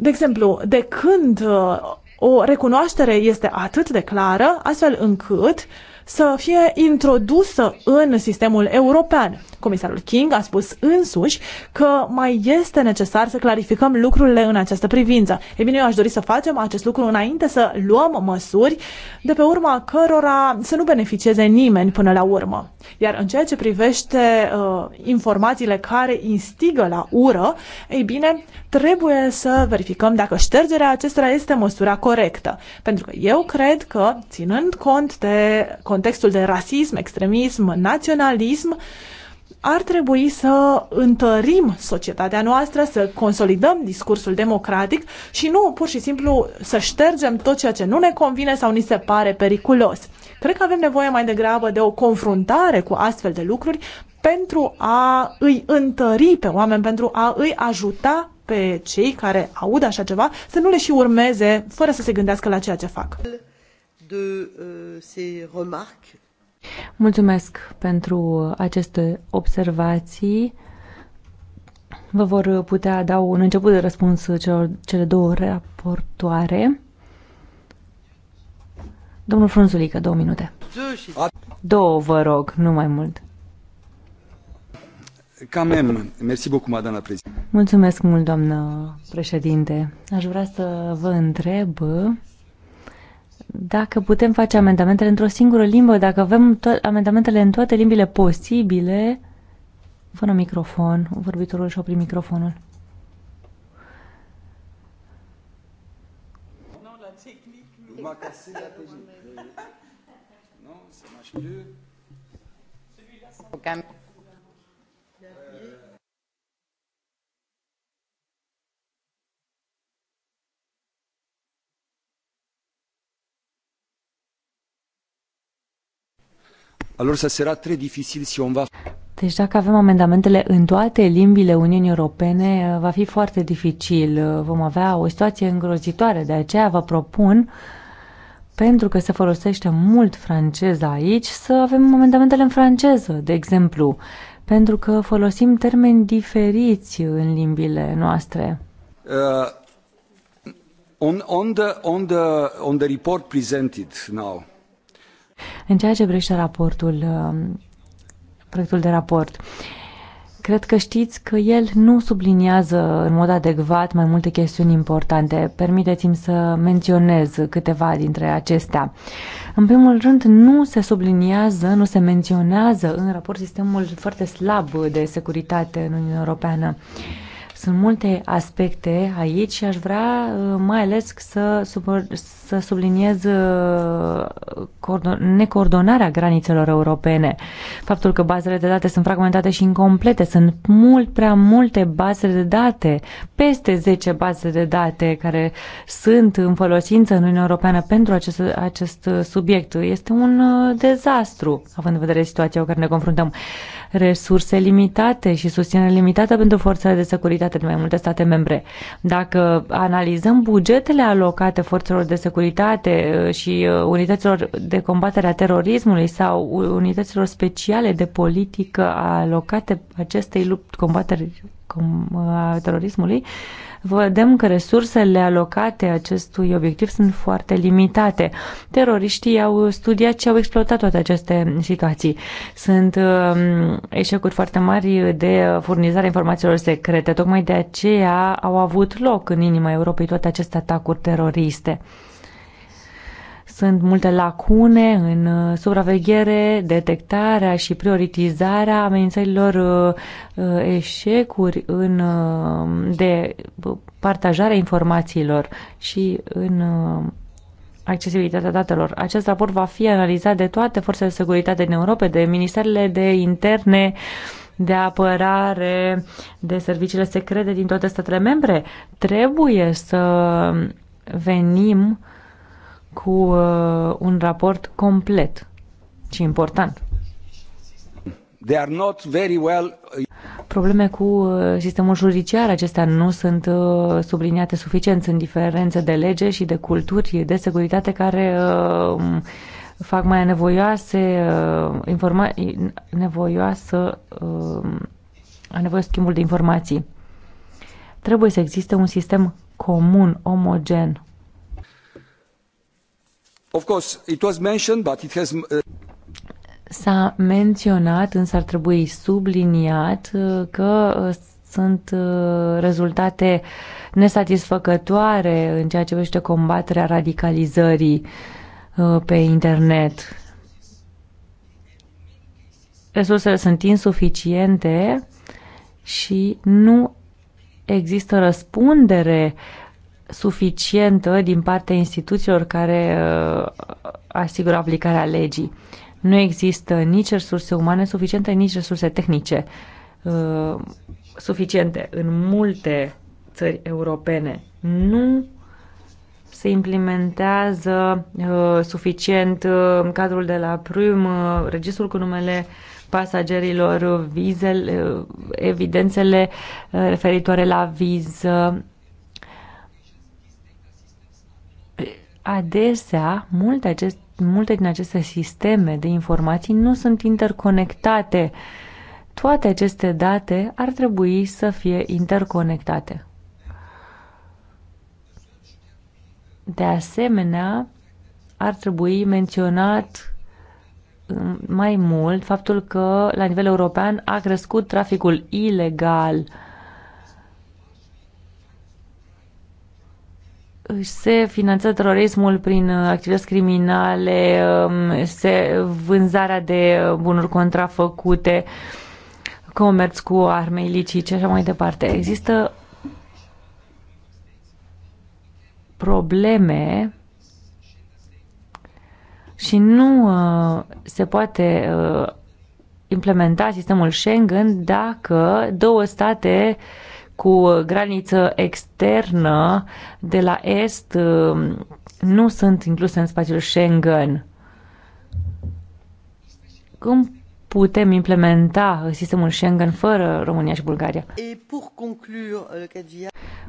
De exemplu, de când uh, o recunoaștere este atât de clară, astfel încât să fie introdusă în sistemul european. Comisarul King a spus însuși că mai este necesar să clarificăm lucrurile în această privință. Ei bine, eu aș dori să facem acest lucru înainte să luăm măsuri de pe urma cărora să nu beneficieze nimeni până la urmă. Iar în ceea ce privește uh, informațiile care instigă la ură, ei bine, trebuie să verificăm dacă ștergerea acestora este măsura corectă. Pentru că eu cred că, ținând cont de contextul de rasism, extremism, naționalism, ar trebui să întărim societatea noastră, să consolidăm discursul democratic și nu pur și simplu să ștergem tot ceea ce nu ne convine sau ni se pare periculos. Cred că avem nevoie mai degrabă de o confruntare cu astfel de lucruri pentru a îi întări pe oameni, pentru a îi ajuta pe cei care aud așa ceva să nu le și urmeze fără să se gândească la ceea ce fac de euh, ces remarques. Mulțumesc pentru aceste observații. Vă vor putea da un început de răspuns celor, cele două raportoare. Domnul Frunzulică, două minute. Două, vă rog, nu mai mult. Cam Mersi beaucoup, madame la Mulțumesc mult, doamnă președinte. Aș vrea să vă întreb dacă putem face amendamentele într-o singură limbă, dacă avem amendamentele în toate limbile posibile, fără microfon, vorbitorul și opri microfonul. Non, la technique, nu. alors ça sera très difficile si on va... Deci dacă avem amendamentele în toate limbile Uniunii Europene, va fi foarte dificil. Vom avea o situație îngrozitoare. De aceea vă propun, pentru că se folosește mult franceza aici, să avem amendamentele în franceză, de exemplu, pentru că folosim termeni diferiți în limbile noastre. Uh, on, on, the, on, the, on the report presented now, în ceea ce privește raportul, um, proiectul de raport, cred că știți că el nu subliniază în mod adecvat mai multe chestiuni importante. Permiteți-mi să menționez câteva dintre acestea. În primul rând, nu se subliniază, nu se menționează în raport sistemul foarte slab de securitate în Uniunea Europeană. Sunt multe aspecte aici și aș vrea uh, mai ales să, sub, să subliniez uh, necoordonarea granițelor europene. Faptul că bazele de date sunt fragmentate și incomplete, sunt mult prea multe baze de date, peste 10 baze de date care sunt în folosință în Uniunea Europeană pentru acest, acest uh, subiect. Este un dezastru, având în vedere situația cu care ne confruntăm resurse limitate și susținere limitată pentru forțele de securitate din mai multe state membre. Dacă analizăm bugetele alocate forțelor de securitate uh, și uh, unităților de combatere a terorismului sau unităților speciale de politică alocate acestei lupte combatere uh, a terorismului, vedem că resursele alocate acestui obiectiv sunt foarte limitate. Teroriștii au studiat și au exploatat toate aceste situații. Sunt um, eșecuri foarte mari de furnizare informațiilor secrete. Tocmai de aceea au avut loc în inima Europei toate aceste atacuri teroriste. Sunt multe lacune în uh, supraveghere, detectarea și prioritizarea amenințărilor uh, uh, eșecuri în, de partajarea informațiilor și în accesibilitatea datelor. Acest raport va fi analizat de toate forțele de securitate din Europa, de ministerele de interne, de apărare, de serviciile secrete din toate statele membre. Trebuie să venim uh, cu uh, un raport complet și important. They are not very well... Probleme cu uh, sistemul judiciar, acestea nu sunt uh, subliniate suficient, sunt diferențe de lege și de culturi, de securitate care uh, fac mai nevoioase uh, informa- nevoioasă uh, a nevoie schimbul de informații. Trebuie să existe un sistem comun, omogen, Of course, it was mentioned, but it has... Uh, S-a menționat, însă ar trebui subliniat uh, că uh, sunt rezultate nesatisfăcătoare în ceea ce privește combaterea radicalizării pe internet. Resursele sunt insuficiente și nu există răspundere suficientă din partea instituțiilor care uh, asigură aplicarea legii. Nu există nici resurse umane suficiente, nici resurse tehnice uh, suficiente în multe țări europene. Nu se implementează uh, suficient uh, cadrul de la prim, uh, registrul cu numele pasagerilor, vizele, uh, evidențele uh, referitoare la viză, adesea multe, acest, multe din aceste sisteme de informații nu sunt interconectate. Toate aceste date ar trebui să fie interconectate. De asemenea, ar trebui menționat um, mai mult faptul că la nivel european a crescut traficul ilegal se finanțează terorismul prin uh, activități criminale, um, se vânzarea de uh, bunuri contrafăcute, comerț cu arme ilicice și așa mai departe. Există probleme și nu uh, se poate implementa sistemul Schengen dacă două state cu graniță externă de la est um, nu sunt incluse în spațiul Schengen. Cum putem implementa sistemul Schengen fără România și Bulgaria? Euh,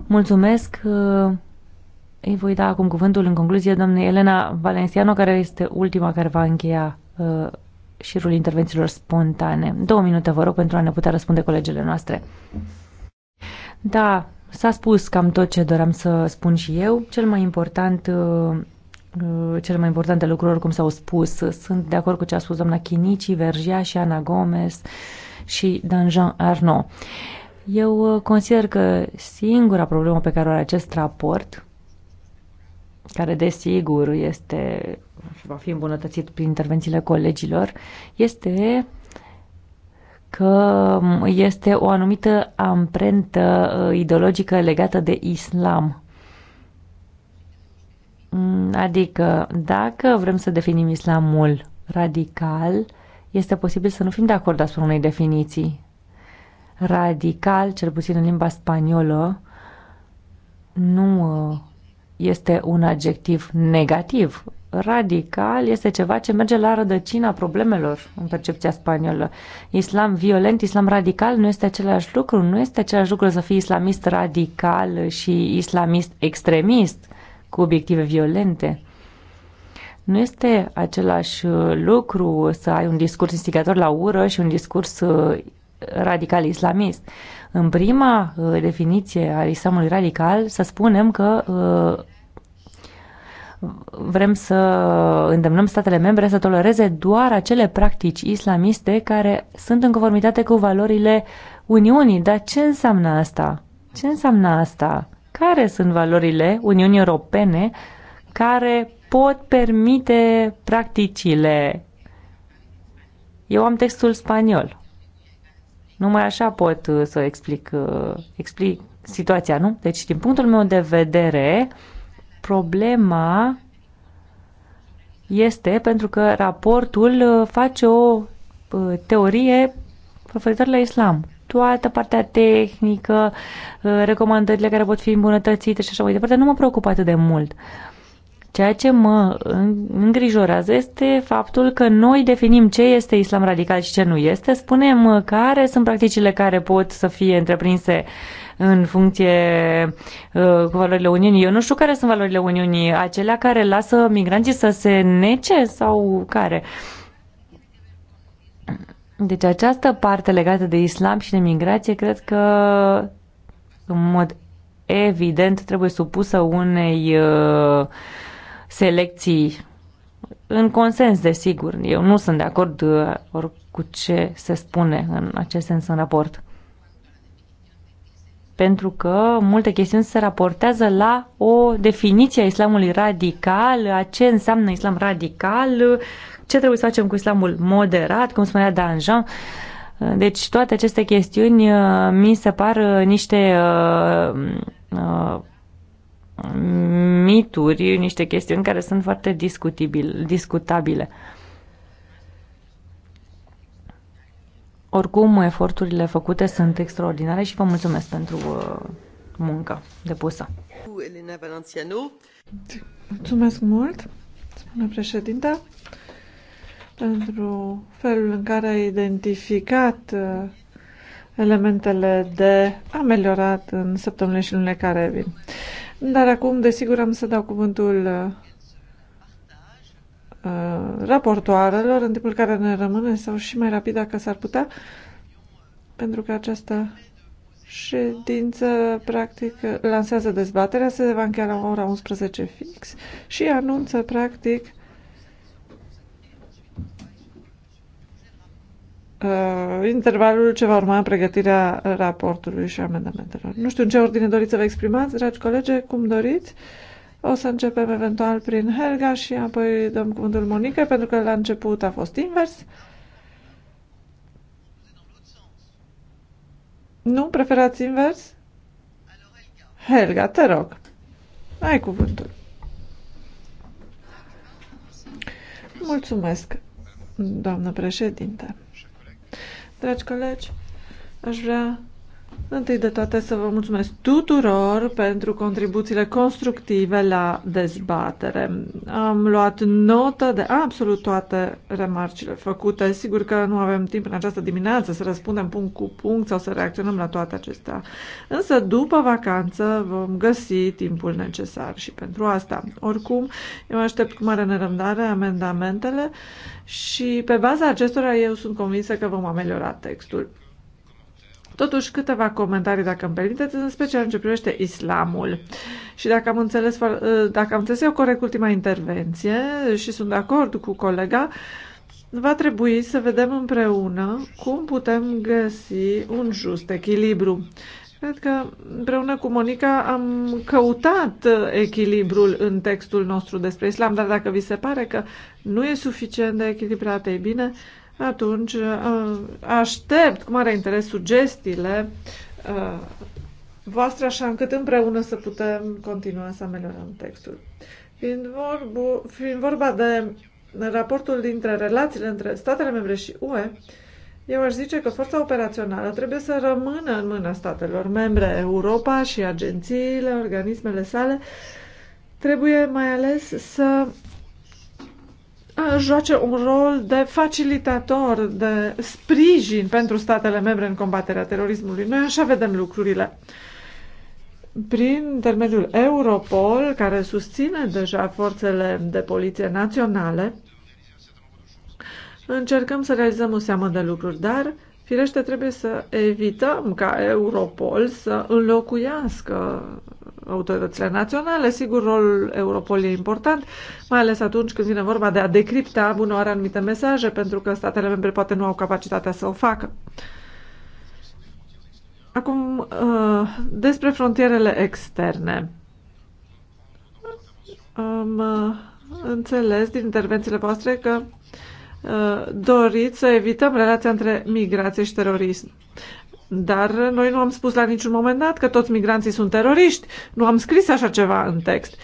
Mulțumesc! Uh, îi voi da acum cuvântul în concluzie doamnei Elena Valenciano, care este ultima care va încheia uh, șirul intervențiilor spontane. Două minute, vă rog, pentru a ne putea răspunde colegele noastre. Da, s-a spus cam tot ce doream să spun și eu. Cel mai important uh, cele mai importante lucruri, cum s-au spus. Sunt de acord cu ce a spus doamna Chinici, Vergia și Ana Gomez și Danjean Arnaud. Eu uh, consider că singura problemă pe care o are acest raport, care desigur este va fi îmbunătățit prin intervențiile colegilor, este că este o anumită amprentă uh, ideologică legată de islam. Mm, adică, dacă vrem să definim islamul radical, este posibil să nu fim de acord asupra unei definiții. Radical, cel puțin în limba spaniolă, nu uh, este un adjectiv negativ radical este ceva ce merge la rădăcina problemelor în percepția spaniolă. Islam violent, islam radical nu este același lucru, nu este același lucru să fii islamist radical și islamist extremist cu obiective violente. Nu este același lucru să ai un discurs instigator la ură și un discurs uh, radical islamist. În prima uh, definiție a islamului radical, să spunem că uh, vrem să îndemnăm statele membre să tolereze doar acele practici islamiste care sunt în conformitate cu valorile Uniunii. Dar ce înseamnă asta? Ce înseamnă asta? Care sunt valorile Uniunii Europene care pot permite practicile? Eu am textul spaniol. Numai așa pot uh, să explic, uh, explic situația, nu? Deci, din punctul meu de vedere, uh, Problema este pentru că raportul uh, face o uh, teorie referitor la islam. Toată partea tehnică, uh, recomandările care pot fi îmbunătățite și așa mai departe, nu mă preocupă atât de mult. Ceea ce mă îngrijorează este faptul că noi definim ce este islam radical și ce nu este, spunem care sunt practicile care pot să fie întreprinse uh, în funcție uh, cu valorile Uniunii. Eu nu știu care sunt valorile Uniunii, acelea care lasă migranții să se nece sau care? Deci această parte legată de islam și de migrație cred că în mod evident trebuie supusă unei uh, selecții în consens, desigur. Eu nu sunt de acord uh, or cu ce se spune în acest sens în raport pentru că multe chestiuni se raportează la o definiție a islamului radical, a ce înseamnă islam radical, ce trebuie să facem cu islamul moderat, cum spunea Jean. Deci toate aceste chestiuni uh, mi se par uh, niște uh, mituri, niște chestiuni care sunt foarte discutabile, discutabile. Oricum, eforturile făcute sunt extraordinare și vă mulțumesc pentru uh, depusă. Elena Valenciano. Mulțumesc mult, spune președinte, pentru felul în care a identificat uh, elementele de ameliorat în săptămânile și lunile care vin. Dar acum, desigur, am să dau cuvântul uh, Uh, raportoarelor în timpul care ne rămâne sau și mai rapid dacă s-ar putea, pentru că această ședință practic lansează dezbaterea, se va încheia la ora 11 fix și anunță practic uh, intervalul ce va urma în pregătirea raportului și amendamentelor. Nu știu în ce ordine doriți să vă exprimați, dragi colegi, cum doriți. Uh, o să începem eventual prin Helga și apoi dăm cuvântul Monica, pentru că la început a fost invers. Nu? Preferați invers? Helga, te rog. Ai cuvântul. Mulțumesc, doamnă președinte. Dragi colegi, aș vrea Întâi de toate să vă mulțumesc tuturor pentru contribuțiile constructive la dezbatere. Am luat notă de absolut toate remarcile făcute. Sigur că nu avem timp în această dimineață să răspundem punct cu punct sau să reacționăm la toate acestea. Însă după vacanță vom găsi timpul necesar și pentru asta. Oricum, eu aștept cu mare nerăbdare amendamentele și pe baza acestora eu sunt convinsă că vom ameliora textul. Totuși, câteva comentarii, dacă îmi permiteți, în special în ce privește islamul. Și dacă am înțeles, ă, dacă am înțeles eu corect ultima intervenție și sunt de acord cu colega, va trebui să vedem împreună cum putem găsi un just echilibru. Cred că împreună cu Monica am căutat echilibrul în textul nostru despre islam, dar dacă vi se pare că nu e suficient de echilibrat, e bine, atunci uh, aștept cu mare interes sugestiile uh, voastre așa încât împreună să putem continua să ameliorăm textul. Fiind, vorbu, fiind vorba de raportul dintre relațiile între statele membre și UE, eu aș zice că forța operațională trebuie să rămână în mâna statelor membre. Europa și agențiile, organismele sale trebuie mai ales să joace un rol de facilitator, de sprijin pentru statele membre în combaterea terorismului. Noi așa vedem lucrurile. Prin intermediul Europol, care susține deja forțele de poliție naționale, încercăm să realizăm o seamă de lucruri, dar firește trebuie să evităm ca Europol să înlocuiască autoritățile naționale. Sigur, rolul Europol e important, mai ales atunci când vine vorba de a decripta bunoare anumite mesaje, pentru că statele membre poate nu au capacitatea să o facă. Acum, uh, despre frontierele externe. Am uh, înțeles din intervențiile voastre că uh, doriți să evităm relația între migrație și terorism. Dar noi nu am spus la niciun moment dat că toți migranții sunt teroriști. Nu am scris așa ceva în text.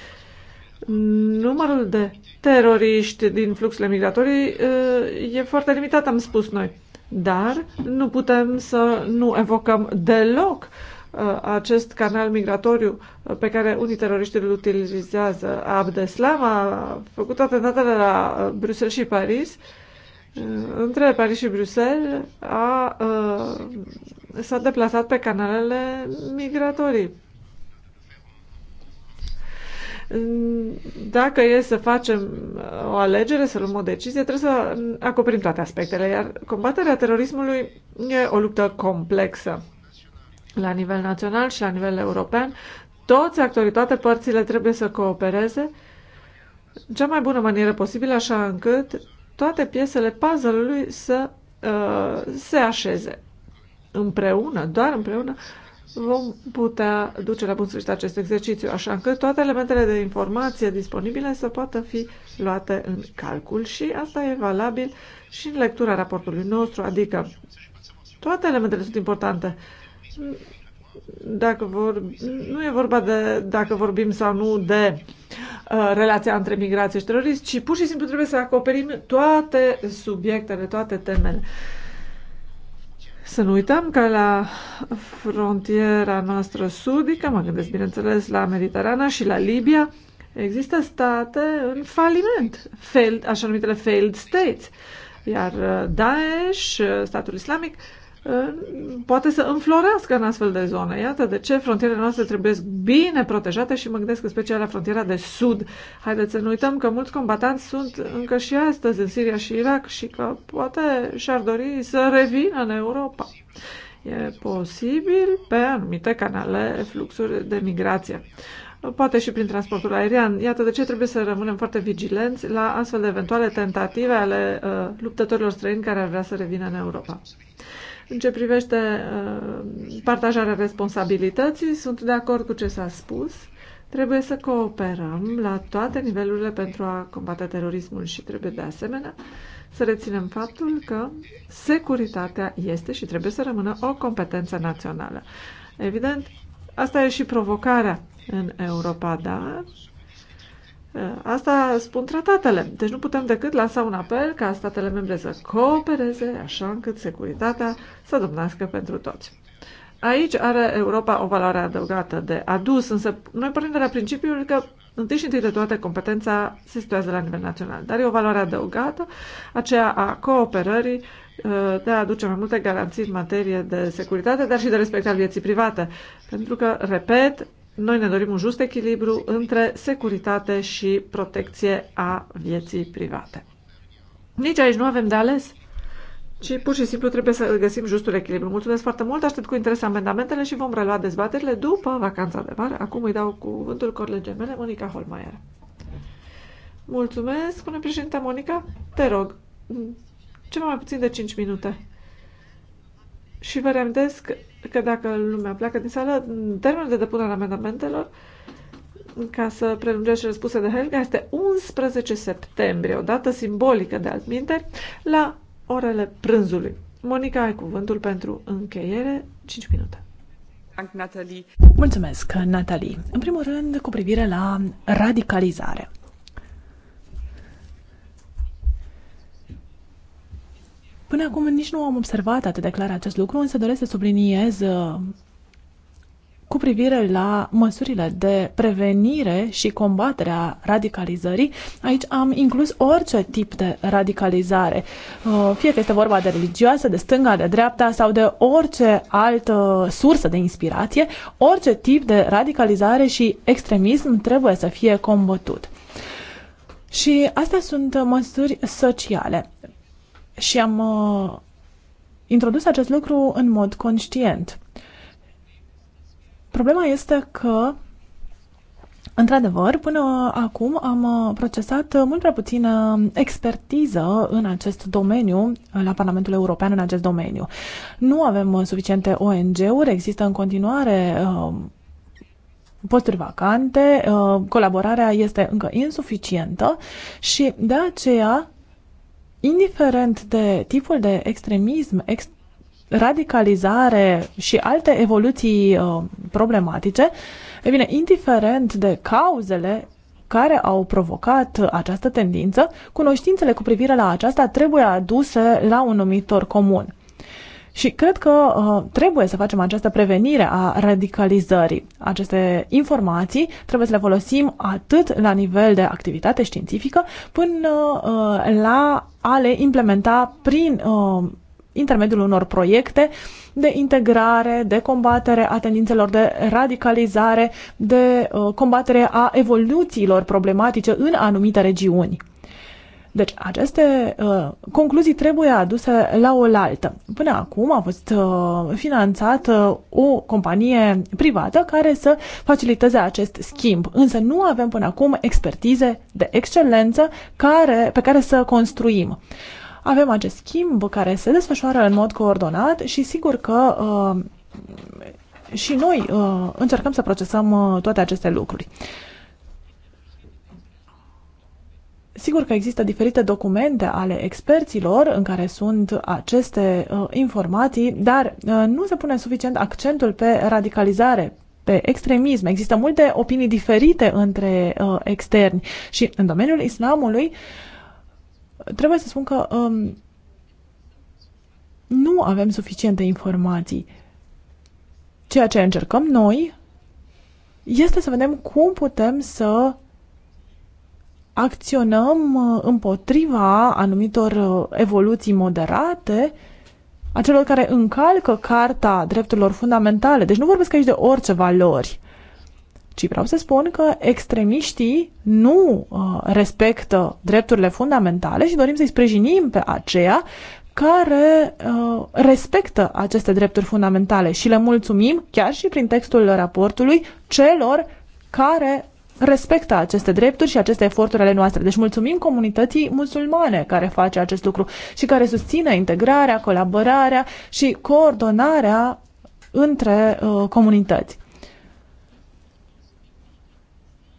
Numărul de teroriști din fluxurile migratorii uh, e foarte limitat, am spus noi. Dar nu putem să nu evocăm deloc uh, acest canal migratoriu uh, pe care unii teroriști îl utilizează. Abdeslam a făcut atentatele la Bruxelles și Paris. Între Paris și Bruxelles a s-a deplasat pe canalele migratorii. Dacă e să facem o alegere, să luăm o decizie, trebuie să acoperim toate aspectele, iar combaterea terorismului e o luptă complexă la nivel național și la nivel european. Toți actorii, toate părțile trebuie să coopereze în cea mai bună manieră posibilă, așa încât toate piesele puzzle-ului să uh, se așeze împreună, doar împreună, vom putea duce la bun sfârșit acest exercițiu, așa că toate elementele de informație disponibile să poată fi luate în calcul și asta e valabil și în lectura raportului nostru, adică toate elementele sunt importante. Dacă vor, nu e vorba de dacă vorbim sau nu de uh, relația între migrație și terorism, ci pur și simplu trebuie să acoperim toate subiectele, toate temele. Uh, să nu uităm că la frontiera noastră sudică, mă gândesc bineînțeles la Mediterana și la Libia, există state în faliment, failed, așa numitele failed states. Iar uh, Daesh, uh, statul islamic, Uh, poate să înflorească în astfel de zone. Iată de ce frontierele noastre trebuie bine protejate și mă gândesc în special la frontiera de sud. Haideți să nu uităm că mulți combatanți sunt încă și astăzi în Siria și Irak și că poate și-ar dori să revină în Europa. E posibil pe anumite canale fluxuri de migrație poate și prin transportul aerian. Iată de ce trebuie să rămânem foarte vigilenți la astfel de eventuale tentative ale uh, luptătorilor străini care ar vrea să revină în Europa. În ce privește uh, partajarea responsabilității, sunt de acord cu ce s-a spus. Trebuie să cooperăm la toate nivelurile pentru a combate terorismul și trebuie de asemenea să reținem faptul că securitatea este și trebuie să rămână o competență națională. Evident, asta e și provocarea în Europa, dar Eh, asta spun tratatele. Deci nu putem decât lansa un apel ca statele membre să coopereze așa încât securitatea să domnească pentru toți. Aici are Europa o valoare adăugată de adus, însă noi pornim de la principiul că întâi și întâi de toate competența se situează la nivel național, dar e o valoare adăugată, aceea a cooperării eh, de a aduce mai multe garanții în materie de securitate, dar și de respectarea vieții private. Pentru că, repet, noi ne dorim un just echilibru între securitate și protecție a vieții private. Nici aici nu avem de ales, ci pur și simplu trebuie să găsim justul echilibru. Mulțumesc foarte mult, aștept cu interes amendamentele și vom relua dezbaterile după vacanța de vară. Acum îi dau cuvântul colegii mele, Monica Holmeier. Mulțumesc, spune președinte Monica. Te rog, ceva mai puțin de 5 minute. Și vă reamintesc că dacă lumea pleacă din sală, termenul de depunere a amendamentelor ca să prelungești răspunsul de Helga este 11 septembrie, o dată simbolică de altminteri, la orele prânzului. Monica, ai cuvântul pentru încheiere, 5 minute. Natalie. Mulțumesc, Natalie. În primul rând, cu privire la radicalizare. Până acum nici nu am observat atât de clar acest lucru, însă doresc să subliniez uh, cu privire la măsurile de prevenire și combaterea radicalizării, aici am inclus orice tip de radicalizare. Uh, fie că este vorba de religioasă, de stânga, de dreapta sau de orice altă sursă de inspirație, orice tip de radicalizare și extremism trebuie să fie combătut. Și astea sunt măsuri sociale și am uh, introdus acest lucru în mod conștient. Problema este că, într-adevăr, până acum am uh, procesat mult prea puțină expertiză în acest domeniu, la Parlamentul European în acest domeniu. Nu avem uh, suficiente ONG-uri, există în continuare uh, posturi vacante, colaborarea este încă insuficientă și de aceea indiferent de tipul de extremism, ex- radicalizare și alte evoluții uh, problematice, e bine, indiferent de cauzele care au provocat această tendință, cunoștințele cu privire la aceasta trebuie aduse la un numitor comun. Și cred că uh, trebuie să facem această prevenire a radicalizării. Aceste informații trebuie să le folosim atât la nivel de activitate științifică, până uh, la a le implementa prin uh, intermediul unor proiecte de integrare, de combatere a tendințelor de radicalizare, de uh, combatere a evoluțiilor problematice în anumite regiuni. Deci aceste uh, concluzii trebuie aduse la oaltă. Până acum a fost uh, finanțată uh, o companie privată care să faciliteze acest schimb, însă nu avem până acum expertize de excelență care, pe care să construim. Avem acest schimb care se desfășoară în mod coordonat și sigur că uh, și noi uh, încercăm să procesăm uh, toate aceste lucruri. Uh, Sigur că există diferite documente ale experților în care sunt aceste uh, informații, dar uh, nu se pune suficient accentul pe radicalizare, pe extremism. Există multe opinii diferite între uh, externi și în domeniul islamului trebuie să spun că um, nu avem suficiente informații. Ceea ce încercăm noi este să vedem cum putem să acționăm uh, împotriva anumitor uh, evoluții moderate a celor care încalcă Carta Drepturilor Fundamentale. Deci nu vorbesc aici de orice valori, ci vreau să spun că extremiștii nu uh, respectă drepturile fundamentale și dorim să-i sprijinim pe aceea care uh, respectă aceste drepturi fundamentale și le mulțumim, chiar și prin textul raportului, celor care respectă aceste drepturi și aceste eforturi ale noastre. Deci mulțumim comunității musulmane care face acest lucru și care susține integrarea, colaborarea și coordonarea între uh, comunități.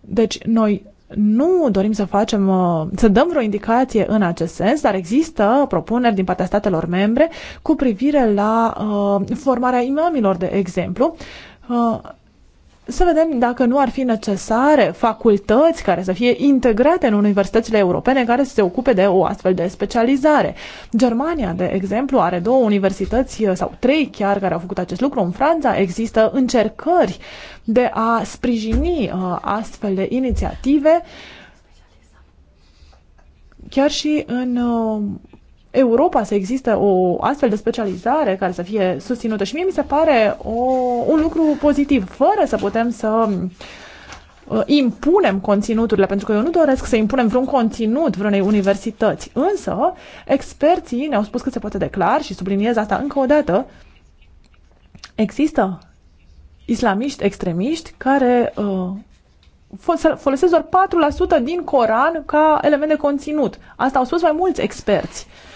Deci noi nu dorim să facem, uh, să dăm vreo indicație în acest sens, dar există propuneri din partea statelor membre cu privire la uh, formarea imamilor, de exemplu, uh, să vedem dacă nu ar fi necesare facultăți care să fie integrate în universitățile europene care să se ocupe de o astfel de specializare. Germania, de exemplu, are două universități uh, sau trei chiar care au făcut acest lucru. În Franța există încercări de a sprijini uh, astfel de inițiative chiar și în uh, Europa să există o astfel de specializare care să fie susținută și mie mi se pare o, un lucru pozitiv, fără să putem să uh, impunem conținuturile, pentru că eu nu doresc să impunem vreun conținut vreunei universități. Însă, experții ne-au spus că se poate declar și subliniez asta încă o dată, există islamiști extremiști care uh, folosesc doar 4% din Coran ca element de conținut. Asta au spus mai mulți experți. Uh,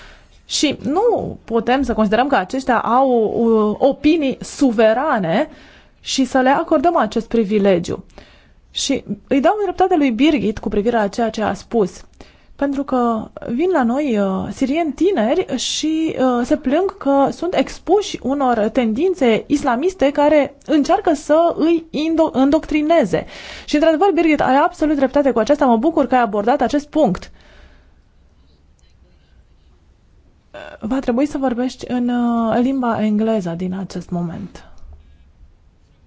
și nu putem să considerăm că aceștia au opinii suverane și să le acordăm acest privilegiu. Și îi dau dreptate lui Birgit cu privire la ceea ce a spus. Pentru că vin la noi uh, sirieni tineri și uh, se plâng că sunt expuși unor tendințe islamiste care încearcă să îi indo- îndoctrineze. Și, într-adevăr, Birgit, ai absolut dreptate cu aceasta. Mă bucur că ai abordat acest punct. Uh, va trebui să vorbești în uh, limba engleză din acest moment,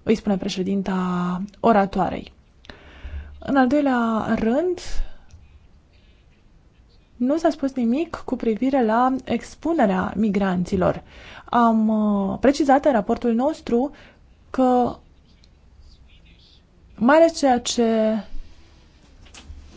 îi spune președinta oratoarei. În al doilea rând, nu s-a spus nimic cu privire la expunerea migranților. Am uh, precizat în raportul nostru că mai ales ceea ce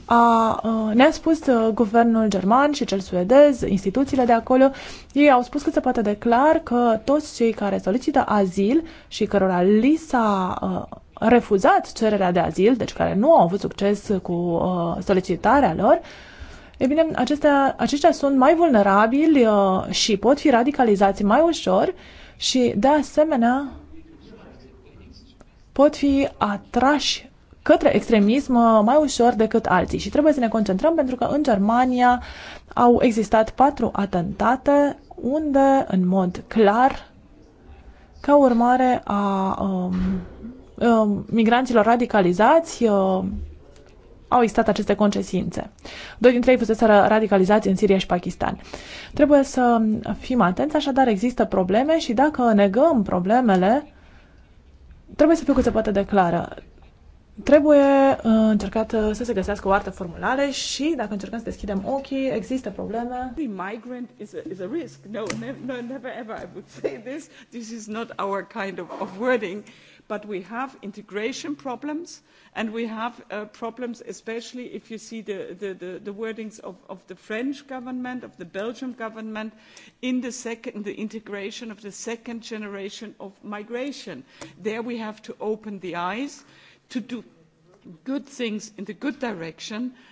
a, ne-a spus uh, guvernul german și cel suedez, instituțiile de acolo, ei au spus cât se poate de clar că toți cei care solicită azil și cărora li s-a uh, refuzat cererea de azil, deci care nu au avut succes cu uh, solicitarea lor, E bine, acestea, aceștia sunt mai vulnerabili uh, și pot fi radicalizați mai ușor și, de asemenea, pot fi atrași către extremism uh, mai ușor decât alții și trebuie să ne concentrăm pentru că în Germania au existat patru atentate unde, în mod clar, ca urmare a um, um, migranților radicalizați, um, au existat aceste concesințe. Doi dintre ei fusese radicalizați în Siria și Pakistan. Trebuie să fim atenți, așadar există probleme și dacă negăm problemele, trebuie să fiu cât se poate declară. Trebuie uh, încercat să se găsească o altă formulare și dacă încercăm să deschidem ochii, există probleme. The migrant is a, is a risk. No, no, never ever I would say this. This is not our kind of, of wording. But we have integration problems and we have uh, problems especially if you see the, the, the, the wordings of, of the French government, of the Belgian government in the, second, the integration of the second generation of migration. There we have to open the eyes to do good things in the good direction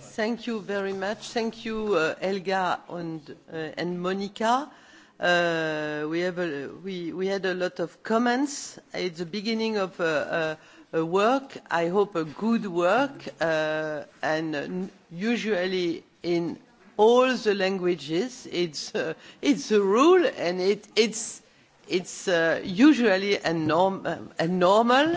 Thank you very much. Thank you, uh, Elga and, uh, and Monica. Uh, we, have a, we, we had a lot of comments. It's the beginning of a, a, a work, I hope a good work, uh, and uh, usually in all the languages. It's, uh, it's a rule and it, it's, it's uh, usually a norm, uh, a normal